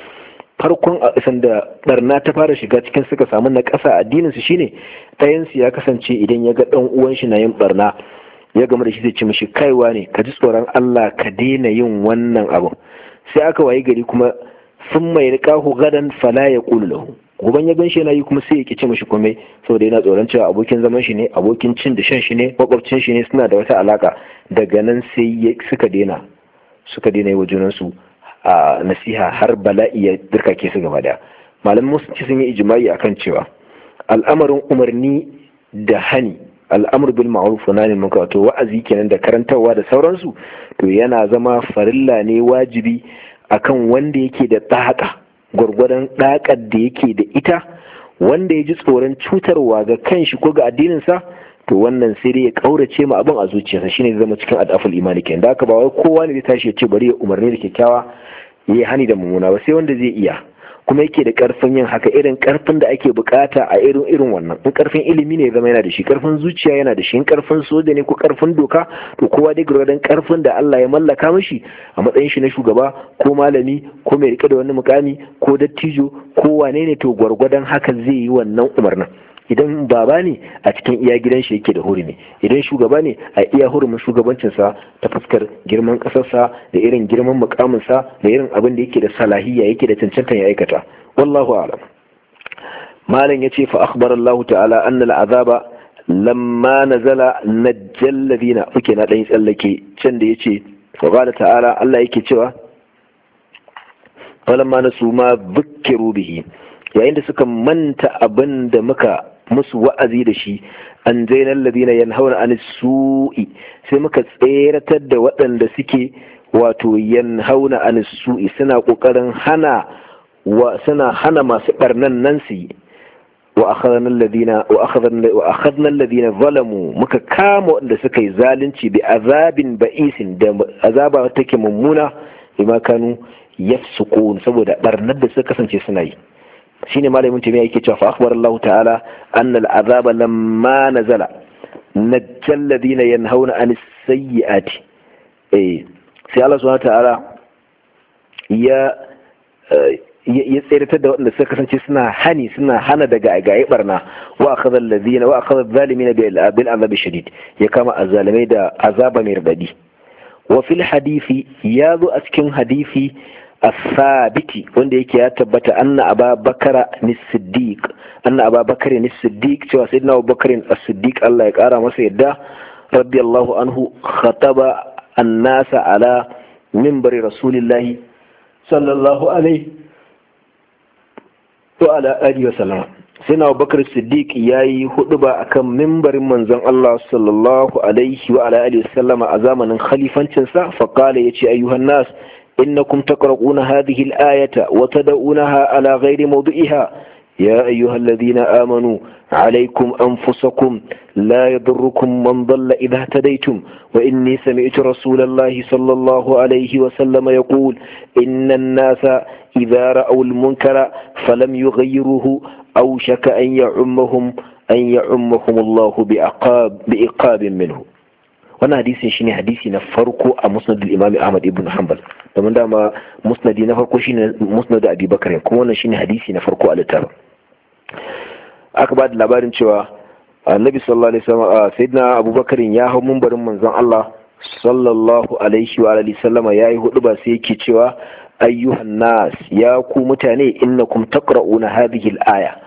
farkon a ƙasan da barna ta fara shiga cikin suka samu na ƙasa addinin su shine ɗayansu ya kasance idan ya ga ɗan uwan shi na yin barna ya gama da shi zai ci mishi kaiwa ne ka ji tsoron Allah ka daina yin wannan abun sai aka wayi gari kuma sun mai riƙahu gadan fala ya ƙulu lahu goban ya gan shi yana yi kuma sai ya kice mishi komai saboda yana tsoron cewa abokin zaman shi ne abokin cin da shan shi ne makwabcin shi ne suna da wata alaka daga nan sai suka daina suka dena yi wa junansu a nasiha har bala'i ya dirka ke su gaba daya malamin musulunci sun yi ijimai akan cewa al'amarin umarni da hani al'amur bil ma'ruf wa nahi munkar to wa'azi kenan da karantarwa da sauransu to yana zama farilla ne wajibi akan wanda yake da tsaka gwargwadon ɗakar da yake da ita wanda ya ji tsoron cutarwa ga kanshi ko ga addininsa to wannan sai dai ya kaurace ma abin a zuciyarsa shine zama cikin adaful imani kenan da haka ba wai kowa ne zai tashi ya ce bari ya umarni da kyakkyawa ya hani da mummuna ba sai wanda zai iya kuma yake da karfin yin haka irin karfin da ake bukata a irin irin wannan in karfin ilimi ne zama yana da shi karfin zuciya yana da shi in karfin soja ne ko karfin doka to kowa dai gurgurdan karfin da Allah ya mallaka mishi a matsayin shi na shugaba ko malami ko mai rike da wani mukami ko dattijo ko wane ne to gwargwadon haka zai yi wannan umarnin idan baba ne a cikin iya gidan shi yake da hurumi idan shugaba ne a iya hurumin shugabancinsa ta fuskar girman ƙasarsa da irin girman mukaminsa da irin abin da yake da salahiyya yake da cancanta ya aikata wallahu a'lam malam yace fa akhbar Allah ta'ala anna al'azaba lamma nazala najjal ladina uke na dan tsallake can da yace fa qala ta'ala Allah yake cewa falamma nasuma suma bihi yayin da suka manta abin da muka musu wa'azi da shi an zainar ladina yanhauna an su'i sai muka tseratar da waɗanda suke wato yanhauna an su'i suna ƙoƙarin hana wa suna hana masu ɓarnan nan su yi wa akhadna alladhina zalamu muka kama waɗanda suka yi zalunci bi azabin ba'isin da azaba take mummuna bima kanu yafsukun saboda ɓarnar da suka kasance suna yi shine malamin tumiya yake cewa fa akhbar Allah ta'ala annal azaba lamma nazala najjal ladina yanhauna anis sayyiati eh sai Allah subhanahu ta'ala ya eh, ya tsayar da waɗanda suka kasance suna hani suna hana daga gaye barna wa akhadha alladhina wa akhadha adh-dhalimina bil azabi shadid ya kama azalimai da azaba mai radadi wa fil hadisi ya zo a cikin hadisi asabiti wanda yake ya tabbata anna Aba, Bakara, ni siddiq anna Aba, bakari ni siddiq cewa sayyidina abubakar as-siddiq Allah ya kara masa yadda radiyallahu anhu khataba annasa ala minbari rasulillahi sallallahu alaihi wa ala alihi wa sallam sayyidina abubakar siddiq yayi huduba akan minbarin manzon Allah sallallahu alaihi wa ala alihi wa sallama a zamanin khalifancin sa fa qala yace ayyuhan nas إنكم تقرؤون هذه الآية وتدعونها على غير موضعها يا أيها الذين آمنوا عليكم أنفسكم لا يضركم من ضل إذا اهتديتم وإني سمعت رسول الله صلى الله عليه وسلم يقول إن الناس إذا رأوا المنكر فلم يغيروه أوشك أن يعمهم أن يعمهم الله بإقاب, بإقاب منه wannan hadisin shine hadisi na farko a musnad al-imam Ahmad ibn Hanbal domin dama musnadi na farko shine musnad Abi Bakr kuma wannan shine hadisi na farko a littafin aka ba da labarin cewa annabi sallallahu alaihi wasallam sayyidina Abubakar ya hau mumbarin manzon Allah sallallahu alaihi wa alihi sallama yayi hudu ba sai yake cewa ayyuhan nas ya ku mutane innakum taqra'una hadhihi al-aya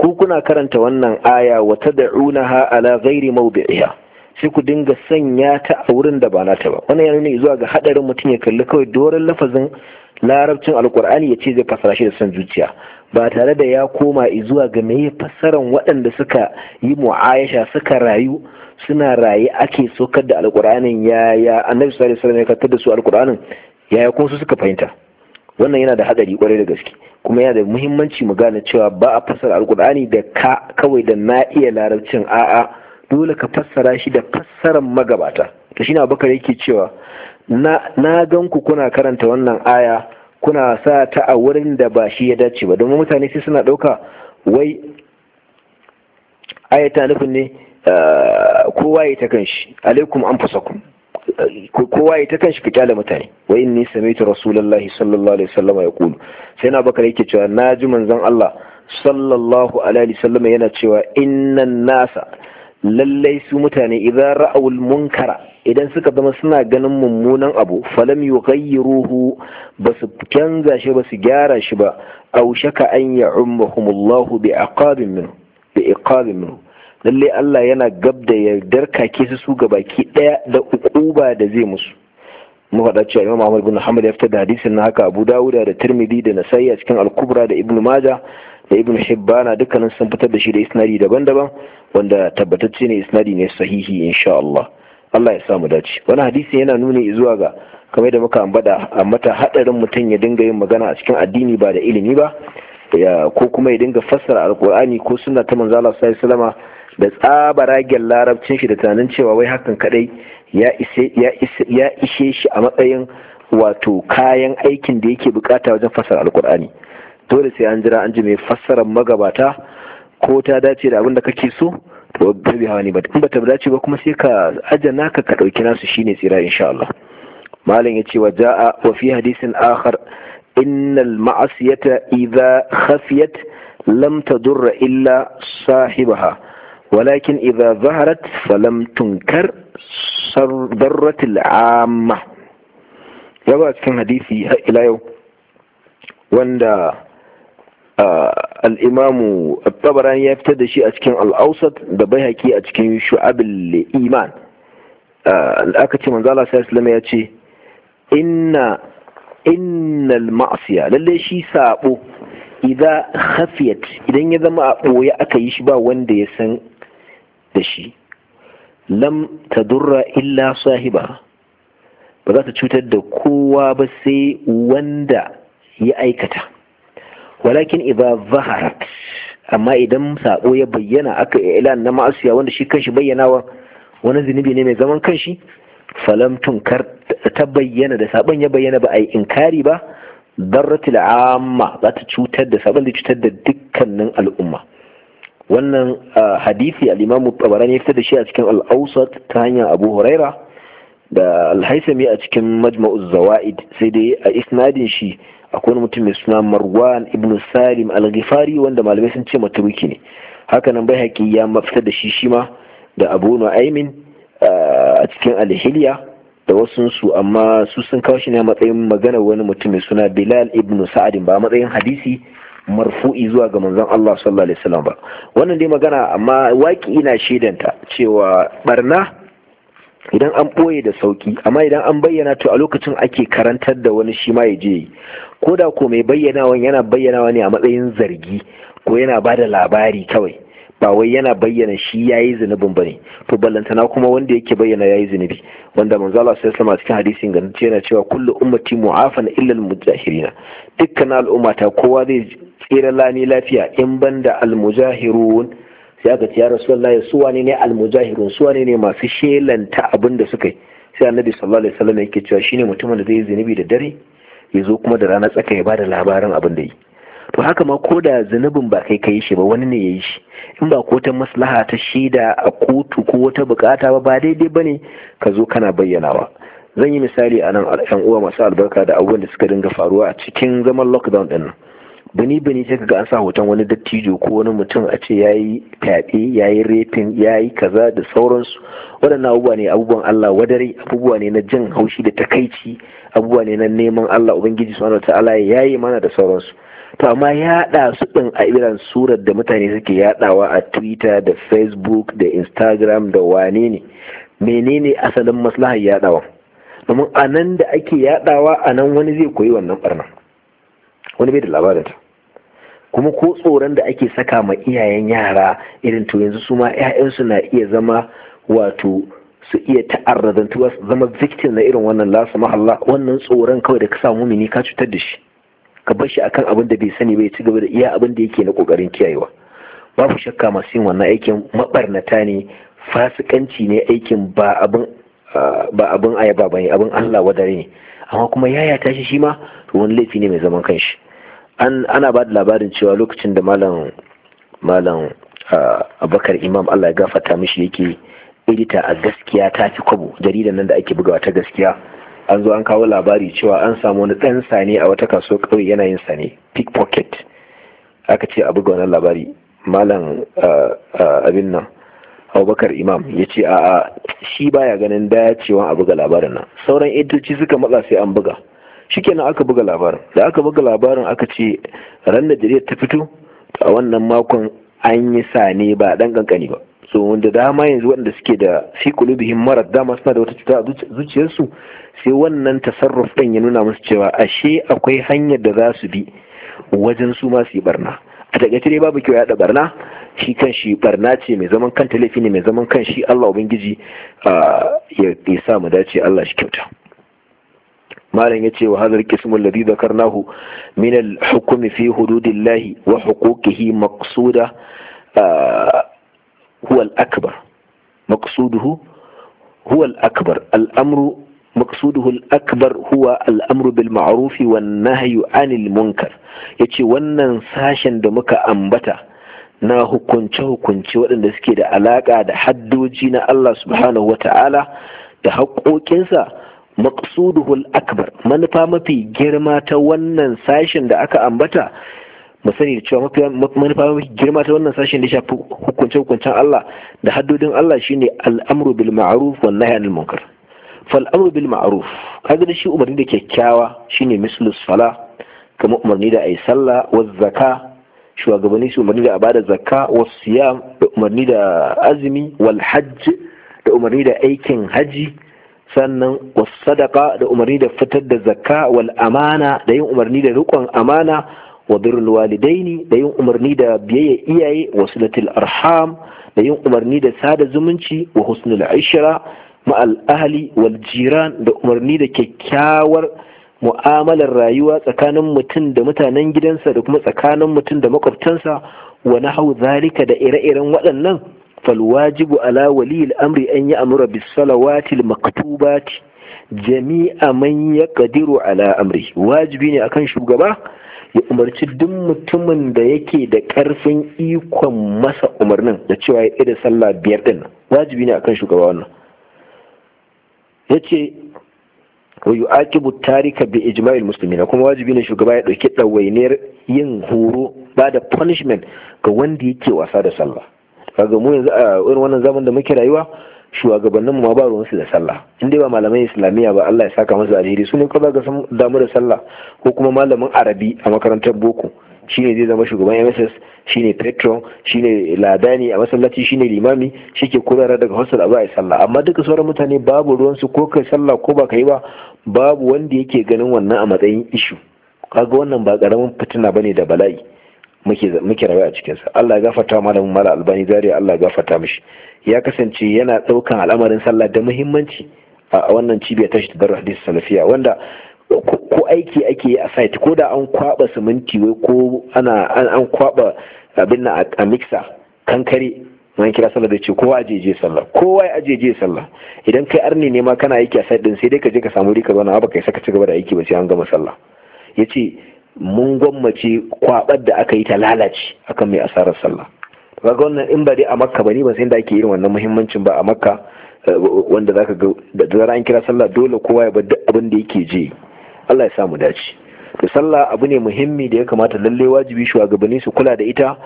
ku kuna karanta wannan aya wa tad'unaha ala ghairi mawdi'iha sai ku dinga sanya ta a wurin da ba ta ba wannan ya nuna zuwa ga hadarin mutum ya kalli kawai doron lafazin larabcin alkur'ani ya ce zai fassara shi da son zuciya ba tare da ya koma zuwa ga mai fassaran waɗanda suka yi mu'ayasha suka rayu suna raye ake sokar da alkur'anin ya ya annabi sallallahu alaihi wasallam ya da su alkur'anin ya ya kuma su suka fahimta wannan yana da hadari kwarai da gaske kuma yana da muhimmanci mu gane cewa ba a fassara alkur'ani da ka kawai da na iya larabcin a'a dole ka fassara shi da fassarar magabata shi na abubakar yake cewa na gan ku kuna karanta wannan aya kuna sa ta a wurin da ba shi ya dace ba domin mutane sai suna ɗauka wai aya ta nufin ne eh, kowa ya ta kanshi alaikum an fusakum eh, kowa ya ta kanshi ku kyale mutane wa inni sami'tu rasulullahi sallallahu alaihi wasallam ya kulu sai na bakar yake cewa na ji manzon Allah sallallahu alaihi wasallam yana cewa innan nasa lallai su mutane idan ra'awul munkara idan suka zama suna ganin mummunan abu falam ruhu ba su canza shi ba su gyara shi ba aushaka shaka an ya'ummahumullahu bi bi iqabin minu lallai Allah yana gab da yardar kake su su baki daya da ukuba da zai musu mu faɗa cewa Imam Ahmad bin Muhammad ya fita da hadisin na haka Abu dawuda da Tirmidhi da Nasa'i a cikin Al-Kubra da Ibn Majah da ibn hibbana dukkanin sun fitar da shi da isnadi daban-daban wanda tabbatacce ne isnadi ne sahihi insha Allah Allah ya samu dace wani hadisi yana nuni zuwa ga kamar da muka ambata mata hadarin mutum ya dinga yin magana a cikin addini ba da ilimi ba ko kuma ya dinga fassara alkur'ani ko sunna ta manzo Allah sallallahu da ragen larabcin shi da tunanin cewa wai hakan kadai ya ishe shi a matsayin wato kayan aikin da yake bukata wajen fassara alkur'ani dole sai an jira an ji mai fassarar magabata ko ta dace da abin da kake so to bai hawa ne ba in bata dace ba kuma sai ka ajana ka ka dauki nasu shine tsira insha Allah malam yace wa jaa wa fi hadisin akhar innal ma'asiyata idza khafiyat lam tadurra illa sahibaha walakin idza zaharat falam tunkar darratil amma ya ba cikin hadisi ila yau wanda al'imamu tabaran ya fitar da shi a cikin al'ausat da bai haƙi a cikin shu'abin iman aka ce manzala sai islam ya ce inna innal ma'asiya lalle shi sabo idan khafiyat idan ya zama a ɓoye aka yi shi ba wanda ya san da shi lam tadurra illa sahiba ba za ta cutar da kowa ba sai wanda ya aikata walakin idza zaharat amma idan saɓo ya bayyana aka ilan na ma'asiya wanda shi kanshi bayyanawa wani zunubi ne mai zaman kan shi, falam tunkar ta bayyana da sabon ya bayyana ba a yi inkari ba darratul amma za ta cutar da sabon da da dukkanin al'umma wannan ah, hadisi al-imamu tabarani ya fitar da shi a cikin al ta hanyar abu huraira da alhaisami a cikin majma'uz zawa'id sai dai a isnadin shi akwai mutum mai suna marwan ibn salim al-ghifari wanda malamai sun ce maturuki ne hakanan bai haƙi ya mafita da shi shi ma da abu nu'aimin a cikin alhiliya da su amma su sun kawo shi ne a matsayin magana wani mutum mai suna bilal ibn sa'adin ba a matsayin hadisi marfu'i zuwa ga manzon Allah sallallahu alaihi wasallam ba wannan dai magana amma waki ina shaidanta cewa barna idan an ɓoye da sauƙi, amma idan an bayyana to a lokacin ake karantar da wani shi ma ya je ko da ko mai bayyanawan yana bayyanawa ne a matsayin zargi ko yana ba da labari kawai ba wai yana bayyana shi ya yi zunubin ba ne to ballantana kuma wanda yake bayyana ya yi zunubi wanda manzo Allah sai sama cikin hadisin ganin yana cewa kullu ummati mu'afana illa al-mujahirina dukkan al'ummata kowa zai tsira lami lafiya in banda al-mujahirun sai aka ce ya rasulullahi su wane ne almujahirun su wane ne masu shelanta abin da suka yi sai annabi sallallahu alaihi wasallam yake cewa shine mutumin da zai yi zunubi da dare ya zo kuma da rana tsaka ya ba da labarin abin da yi to haka ma ko da zunubin ba kai kai shi ba wani ne ya yi shi in ba ko ta maslaha ta shaida a kotu ko wata bukata ba ba daidai bane ka zo kana bayyanawa zan yi misali a nan yan uwa masu albarka da abubuwan da suka dinga faruwa a cikin zaman lockdown din nan bini bini sai kaga an sa hoton wani dattijo ko wani mutum a ce yayi fyaɗe yayi ya yayi kaza da sauransu waɗannan abubuwa ne abubuwan Allah wadare abubuwa ne na jin haushi da takaici abubuwa ne na neman Allah ubangiji subhanahu wataala ya yayi mana da sauransu to amma yaɗa su ɗin a irin surar da mutane suke yaɗawa a twitter da facebook da instagram da wane ne menene asalin maslahar yaɗawa domin anan da ake yaɗawa anan nan wani zai koyi wannan barna wani bai da labarinta kuma ko tsoron da ake saka ma iyayen yara irin to yanzu su ma 'ya'yansu na iya zama wato su iya ta'arrazantuwa su zama victim na irin wannan lasu mahalla wannan tsoron kawai da ka sa mumini ka cutar da shi ka bar shi akan abin da bai sani bai ci gaba da iya abin da yake na kokarin kiyayewa babu shakka masu yin wannan aikin maɓarnata ne fasikanci ne aikin ba abin ba ne ayaba abin Allah wadare ne amma kuma yaya tashi shi ma to wani laifi ne mai zaman kanshi ana ba da labarin cewa lokacin da malam malam abakar imam allah ya gafata mishi yake edita a gaskiya ta fi kwabo jaridan nan da ake bugawa ta gaskiya an zo an kawo labari cewa an samu wani ɗan sane a wata kasuwar kawai yana yin sane pickpocket aka ce a buga wannan labari malam abin nan abubakar imam ya ce a shi baya ganin daya cewa a buga labarin nan sauran editoci suka matsa sai an buga shikenan aka buga labarin da aka buga labarin aka ce ran da jaridar ta fito a wannan makon an yi sane ba dan kankani ba so wanda dama yanzu waɗanda suke da fi bihin marar dama suna da wata cuta a zuciyarsu sai wannan tasarruf ɗin ya nuna musu cewa ashe akwai hanyar da za su bi wajen su ma su yi barna a takaice dai babu kyau ya barna shi kan shi barna ce mai zaman kanta laifi ne mai zaman kan shi Allah ubangiji ah, ya sa mu dace Allah shi kyauta malam ya ce wa hadar kismul ladhi dhakarnahu min al fi hududillahi wa huquqihi maqsuda uh, huwa al akbar maqsuduhu huwa al amru مقصوده الأكبر هو الأمر بالمعروف yace wannan sashen da muka ambata na hukunce-hukunce waɗanda suke da alaƙa da haddoji na Allah subhanahu wa ta'ala da haƙoƙinsa maqsuduhul akbar manufa mafi girma ta wannan sashen da aka ambata mu sani da cewa manufa mafi girma ta wannan sashen da shafi hukunce hukuncen Allah da haddodin Allah shine al'amru bil ma'ruf wan munkar fal amru bil ma'ruf kaga da shi umarni da kyakkyawa shine mislu sala kamar umarni da ayi sallah waz zaka shugabanni su umarni da a bada zakka was siyam da umarni da azumi wal hajj da umarni da aikin haji sannan wasadaka da umarni da fitar da zakka wal amana da yin umarni da riƙon amana wa birrul walidaini da yin umarni da biyayya iyaye wa arham da yin umarni da sada zumunci wa husnul ishra al ahli wal jiran da umarni da kyakkyawar mu'amalar rayuwa tsakanin mutum da mutanen gidansa da kuma tsakanin mutum da makwabtansa wa nahau zalika da ire-iren waɗannan فالواجب على ولي الأمر أن يأمر بالصلوات المكتوبات جميع من يقدر على أمره واجبين أكن شوغبا ya umarci duk mutumin da yake da ƙarfin ikon masa umarnin da cewa ya ida sallah biyar ɗin wajibi ne akan shugaba wannan ya ce wa yu'aqibu tarika bi ijma'il muslimin kuma wajibi shugaba ya ɗauki ɗawainiyar yin horo ba da punishment ga wanda yake wasa da sallah kaga mu yanzu a irin wannan zaman da muke rayuwa mu ma ba ruwansu da sallah in dai ba malaman islamiyya ba Allah ya saka masa alheri su ne kuma ga san damu da sallah ko kuma malamin arabi a makarantar boko shine zai zama shugaban MSS shine patron shine ladani a masallaci shine limami shi shike kurara daga hostel a ba sallah amma duka sauran mutane babu ruwansu ko kai sallah ko ba kai ba babu wanda yake ganin wannan a matsayin issue kaga wannan ba karamin fitina bane da bala'i muke rawa a cikinsa Allah ya gafarta malamin mala albani zari Allah ya gafarta mishi ya kasance yana ɗaukan al'amarin sallah da muhimmanci a wannan cibiyar tashi da barra hadisi salafiya wanda ko aiki ake yi a site ko da an kwaba siminti wai ko ana an kwaba abin na a mixer kankare man kira sallah da ce kowa ajeje sallah kowa ya ajeje sallah idan kai arni ne ma kana aiki a site din sai dai ka je ka samu rika zauna ba kai saka ci gaba da aiki ba sai an gama sallah yace mun gwammace kwabar da aka yi ta lalace akan mai asarar sallah kaga wannan in ba a makka bane ba sai da ake irin wannan muhimmancin ba a makka eh, wanda zaka ga da zara an kira sallah dole kowa ya bar duk abin da yake je Allah ya sa mu dace to sallah abu ne muhimmi da ya kamata lalle wajibi shugabanni su kula da ita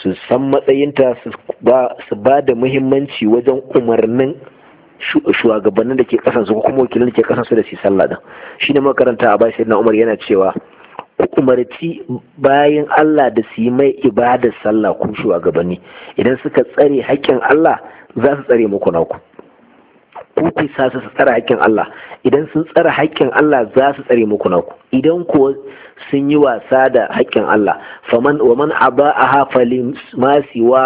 su san matsayinta su ba da muhimmanci wajen umarnin shugabannin da ke kasansu ko kuma wakilin da ke su da su sallah din shine makaranta a bai na Umar yana cewa umarci bayan Allah da su yi mai ibadar sallah ku shugabanni idan suka tsare haƙƙin Allah za su tsare muku naku ku ku sa su tsare haƙƙin Allah idan sun tsare haƙƙin Allah za su tsare muku naku idan kuwa sun yi wasa da haƙƙin Allah faman wa man aba'aha falim ma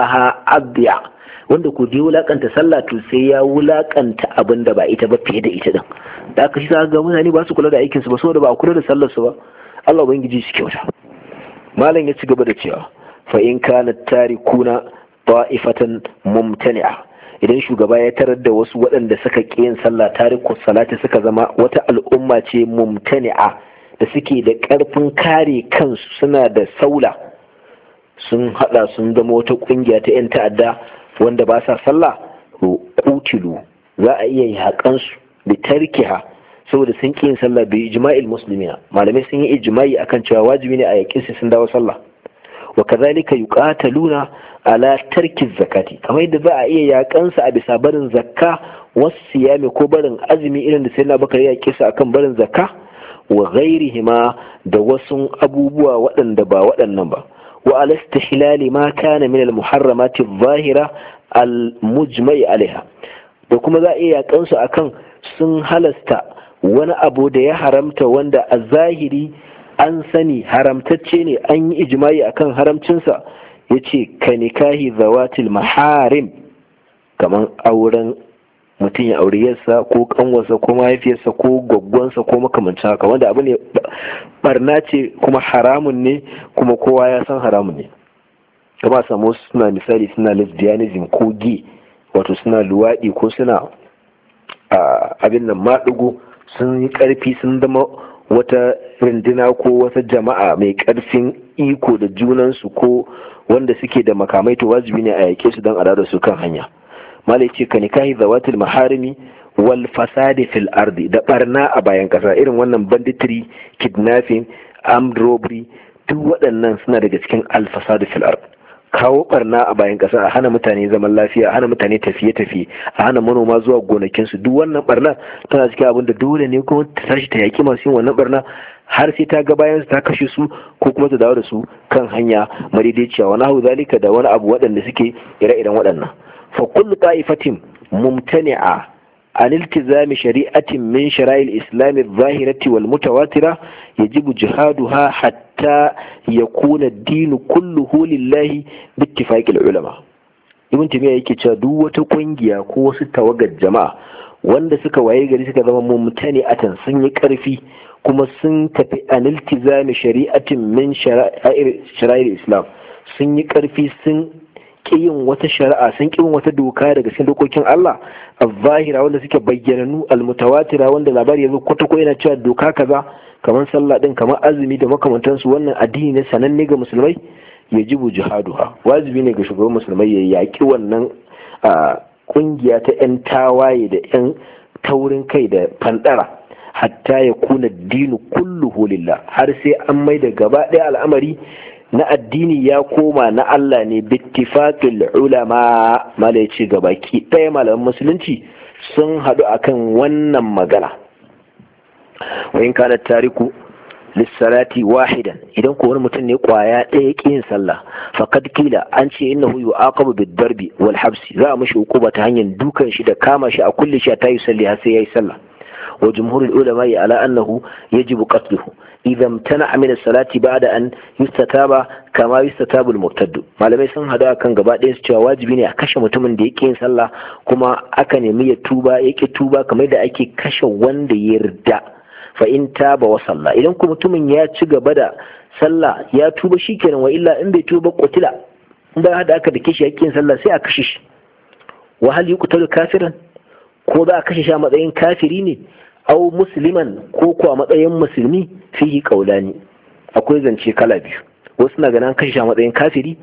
ha abiya wanda ku je wulakanta sallah to sai ya wulakanta abin da ba ita ba fiye da ita din da aka shi za ga mutane ba su kula da aikinsu ba saboda ba a kula da sallarsu ba Allah ubangiji shi kyauta malam ya ci gaba da cewa fa in kana tarikuna ta'ifatan mumtani'a idan shugaba ya tarar da wasu waɗanda suka ƙi yin sallah tariku salati suka zama wata al'umma ce mumtani'a da suke da ƙarfin kare kansu suna da saula sun haɗa sun zama wata ƙungiya ta 'yan ta'adda wanda ba sa sallah kutilu za a iya yaƙansu da tarkiha saboda sun ƙi yin sallah bi ijma'il muslimina malamai sun yi ijma'i akan cewa wajibi ne a yaƙin su sun dawo sallah wa kazalika yuqataluna ala tarki zakati kamar yadda za a iya yakansa a bisa barin zakka wasu siyami ko barin azumi irin da sayyidina bakar ya kisa akan barin zakka wa ghairihima da wasu abubuwa waɗanda ba waɗannan ba wa ala hilali ma kana min al muharramati zahira al mujma'i alaiha da kuma za a iya yakan su akan sun halasta wani abu da ya haramta wanda a zahiri an sani haramtacce ne an yi ijimai kan haramcinsa ya ce ka nikahi zawatil maharim kamar auren mutum ya auri yarsa ko kanwarsa ko mahaifiyarsa ko gwaggwansa ko makamancin haka wanda abu ne barna ce kuma haramun ne kuma kowa ya san haramun ne kuma samu suna misali suna lesbianism ko gay wato suna luwaɗi ko suna abin nan maɗigo sun yi ƙarfi sun zama wata rundina ko wata jama'a mai ƙarfin iko da junansu ko wanda suke da makamai to wajibi ne a yake su don a da su kan hanya malai ce ka nikahi zawatul maharimi wal fasadi fil ardi da barna a bayan kasa irin wannan banditry kidnapping armed robbery duk waɗannan suna daga cikin al fasadi fil ardi kawo barna a bayan kasa a hana mutane zaman lafiya a hana mutane tafiye-tafiye a hana manoma zuwa gonakinsu duk wannan barna tana cikin abin da dole ne kuma ta tashi ta yaƙi masu yin wannan barna har sai ta ga bayan ta kashe su ko kuma ta dawo da su kan hanya madaidaiciya wani hau zalika da wani abu waɗanda suke ire-iren waɗannan fa kullu ta'ifatin mumtani'a iltizami shari'atin min من شرائع zahirati ya mutawatira yajibu jihaduha حتى hatta kuna dinu kulluhu lillahi bittifaqil ulama ibn taymiya yake cewa duk wata kungiya ko wasu tawagar jama'a wanda suka waye gari suka zama mumtani atan sun yi karfi kuma sun tafi aniltizami shari'atin min shara'ir islam sun yi karfi sun ƙi yin wata shari'a sun ƙi wata doka daga cikin dokokin Allah a zahira wanda suke bayyananu al wanda labari ya zo kwata ko yana cewa doka kaza kamar sallah din kamar azumi da makamantansu wannan addini ne sananne ga musulmai ya ji jihaduha wajibi ne ga shugaban musulmai ya yaƙi wannan kungiya ta 'yan tawaye da 'yan taurin kai da fandara hatta ya kuna dinu kullu Hulillah, har sai an mai da gaba ɗaya al'amari na addini ya koma na Allah ne bittifaqil ulama malaici ga baki ɗaya malaman musulunci sun haɗu akan wannan magana wa in kana tariku lissalati wahidan idan ko wani mutum ne kwaya ɗaya ƙin sallah faqad kila an ce innahu yu'aqabu bid darbi wal habsi za a mishi hukuma ta hanyar dukan shi da kama shi a kulle shi ta yi salli har sai yayi sallah وجمهور العلماء على أنه يجب قتله إذا امتنع من الصلاة بعد أن يستتاب كما يستتاب المرتد malamai sun hada kan gaba ɗaya su cewa wajibi ne a kashe mutumin da yake yin sallah kuma aka nemi ya tuba yake tuba kamar da ake kashe wanda ya yarda fa in taba wa idan kuma mutumin ya ci gaba da sallah ya tuba shikenan wa illa in bai tuba qutila in ba hada aka da kishi yake sallah sai a kashe shi wa hal yuqtalu kafiran ko za a kashe shi matsayin kafiri ne au musliman ko kuwa matsayin musulmi fihi kaulani akwai zance kala biyu wasu na ganin kashe matsayin kafiri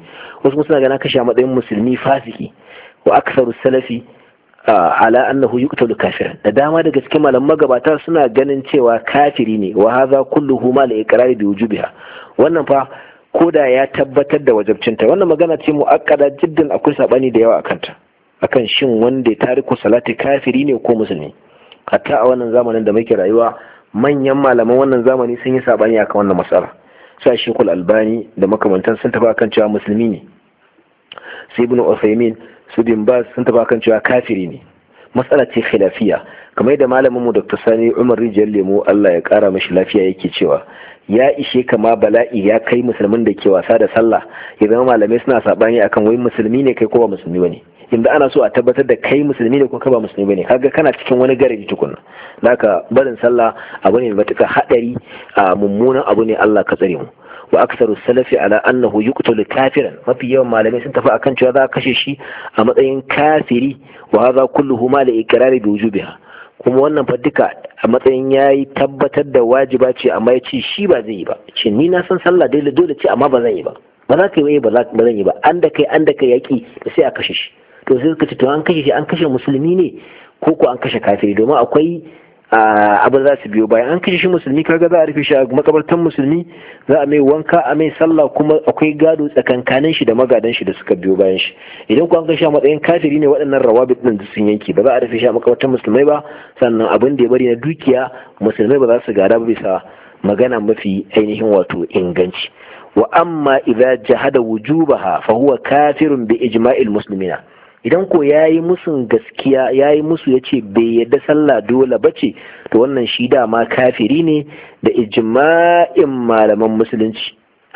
wasu suna ganin kashe matsayin musulmi fasiki wa salafi ala annahu yuqtalu kafir da dama daga cikin malaman magabata suna ganin cewa kafiri ne wa hadha kulluhu ma la iqrar bi wujubiha wannan fa koda ya tabbatar da wajabcinta wannan magana ce mu muakkada jiddan akwai sabani da yawa akanta akan shin wanda ya tariku salati kafiri ne ko musulmi hatta a wannan zamanin da muke rayuwa manyan malaman wannan zamani sun yi sabani akan wannan matsala sa shekul albani da makamantan sun tafi akan cewa musulmi ne sai ibn usaimin su bin sun tafi akan cewa kafiri ne matsala ce khilafiya kamar yadda malamin mu Dr. Sani Umar Rijiyar Lemo Allah ya kara mashi lafiya yake cewa ya ishe kama bala'i ya kai musulmin da ke wasa da sallah ya zama malamai suna sabani akan wai musulmi ne kai ko ba musulmi bane inda ana so a tabbatar da kai musulmi ne ko ka ba musulmi bane kaga kana cikin wani garari tukunna naka barin sallah abu ne matuƙa hadari a mummunan abu ne Allah ka tsare mu wa salafi ala annahu yuqtalu kafiran mafi yawan malamai sun tafi akan cewa za a kashe shi a matsayin kafiri wa hadha kulluhu ma li ikrari bi wujubiha kuma wannan fa duka a matsayin yayi tabbatar da wajiba ce amma ya ce shi ba zai yi ba ce ni na san sallah dai dole ce amma ba zan yi ba ba za ka yi ba zan yi ba an da kai an da kai yaki sai a kashe shi to sai suka ce to an kashe shi an kashe musulmi ne ko ko an kashe kafiri domin akwai abin za su biyo bayan an kashe shi musulmi kaga za a rufe shi a makabartan musulmi za a mai wanka a mai sallah kuma akwai gado tsakankanin shi da magadan shi da suka biyo bayan shi idan ku an kashe a matsayin kafiri ne waɗannan rawabit din sun yanke ba za a rufe shi a makabartan musulmai ba sannan abin da ya bari na dukiya musulmai ba za su gada ba bisa magana mafi ainihin wato inganci wa amma idza jahada wujubaha fa huwa kafirun bi ijma'il muslimina idan ko ya yi musu gaskiya ya yi musu ya ce bai yadda sallah dole ba ce to wannan shi dama kafiri ne da ijma'in malaman musulunci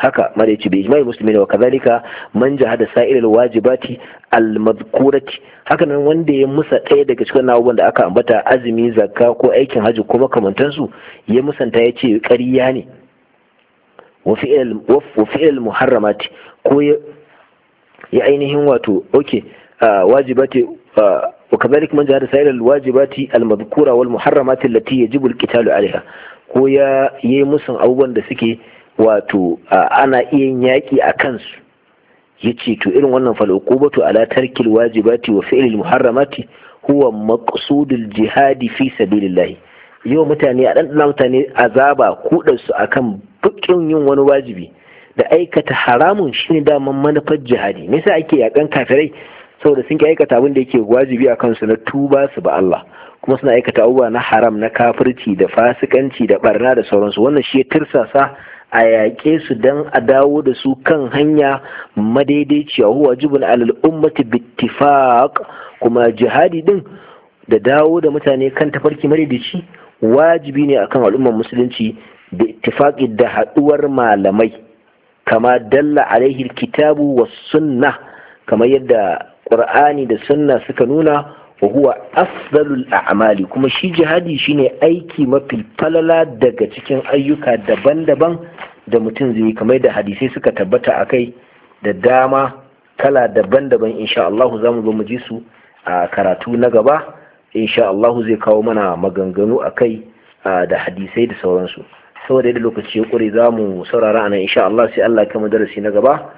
haka mara yace bi musulmi ne wa kazalika man da sa'ilal wajibati al madhkurati haka nan wanda ya musa ɗaya daga cikin abubuwan da aka ambata azumi zakka ko aikin hajji ko makamantan ya musanta ya ce ƙarya ne wa fi'il muharramati ko ya ainihin wato okay واجبات wajibati من جهد سائر الواجبات المذكورة والمحرمات التي ko ya yi musu abubuwan da suke, wato ana iya yaƙi a kansu ya ce to irin wannan fal'uqubatu ala tarkil wajibati wa fi'lil muharramati huwa maqsudul jihadi fi sabilillah yau mutane a ɗanɗana mutane azaba kuɗa su akan bukin yin wani wajibi da aikata haramun shine daman manufar jihadi me yasa ake yakan kafirai saboda sun ki aikata abin da yake wajibi a kansu na tuba su ba Allah kuma suna aikata abubuwa na haram na kafirci da fasikanci da barna da sauransu wannan shi ya tirsasa a yaƙe su don a dawo da su kan hanya madaidaiciya huwa jibin alal ummati bittifaq kuma jihadi ɗin da dawo da mutane kan tafarki madaidaici wajibi ne akan al'ummar musulunci da ittifaqi da haɗuwar malamai kama dalla alaihi kitabu wa sunna kamar yadda qur'ani da sunna suka nuna wa huwa afdalul a'mali kuma shi jihadi shine aiki mafi falala daga cikin ayyuka daban-daban da mutum zai kamar da hadisai suka tabbata akai da dama kala daban-daban insha Allah za mu zo mu ji su a karatu na gaba insha Allah zai kawo mana maganganu akai da hadisai da sauransu saboda yadda lokaci ya kure za mu saurara anan insha Allah sai Allah mu kama darasi na gaba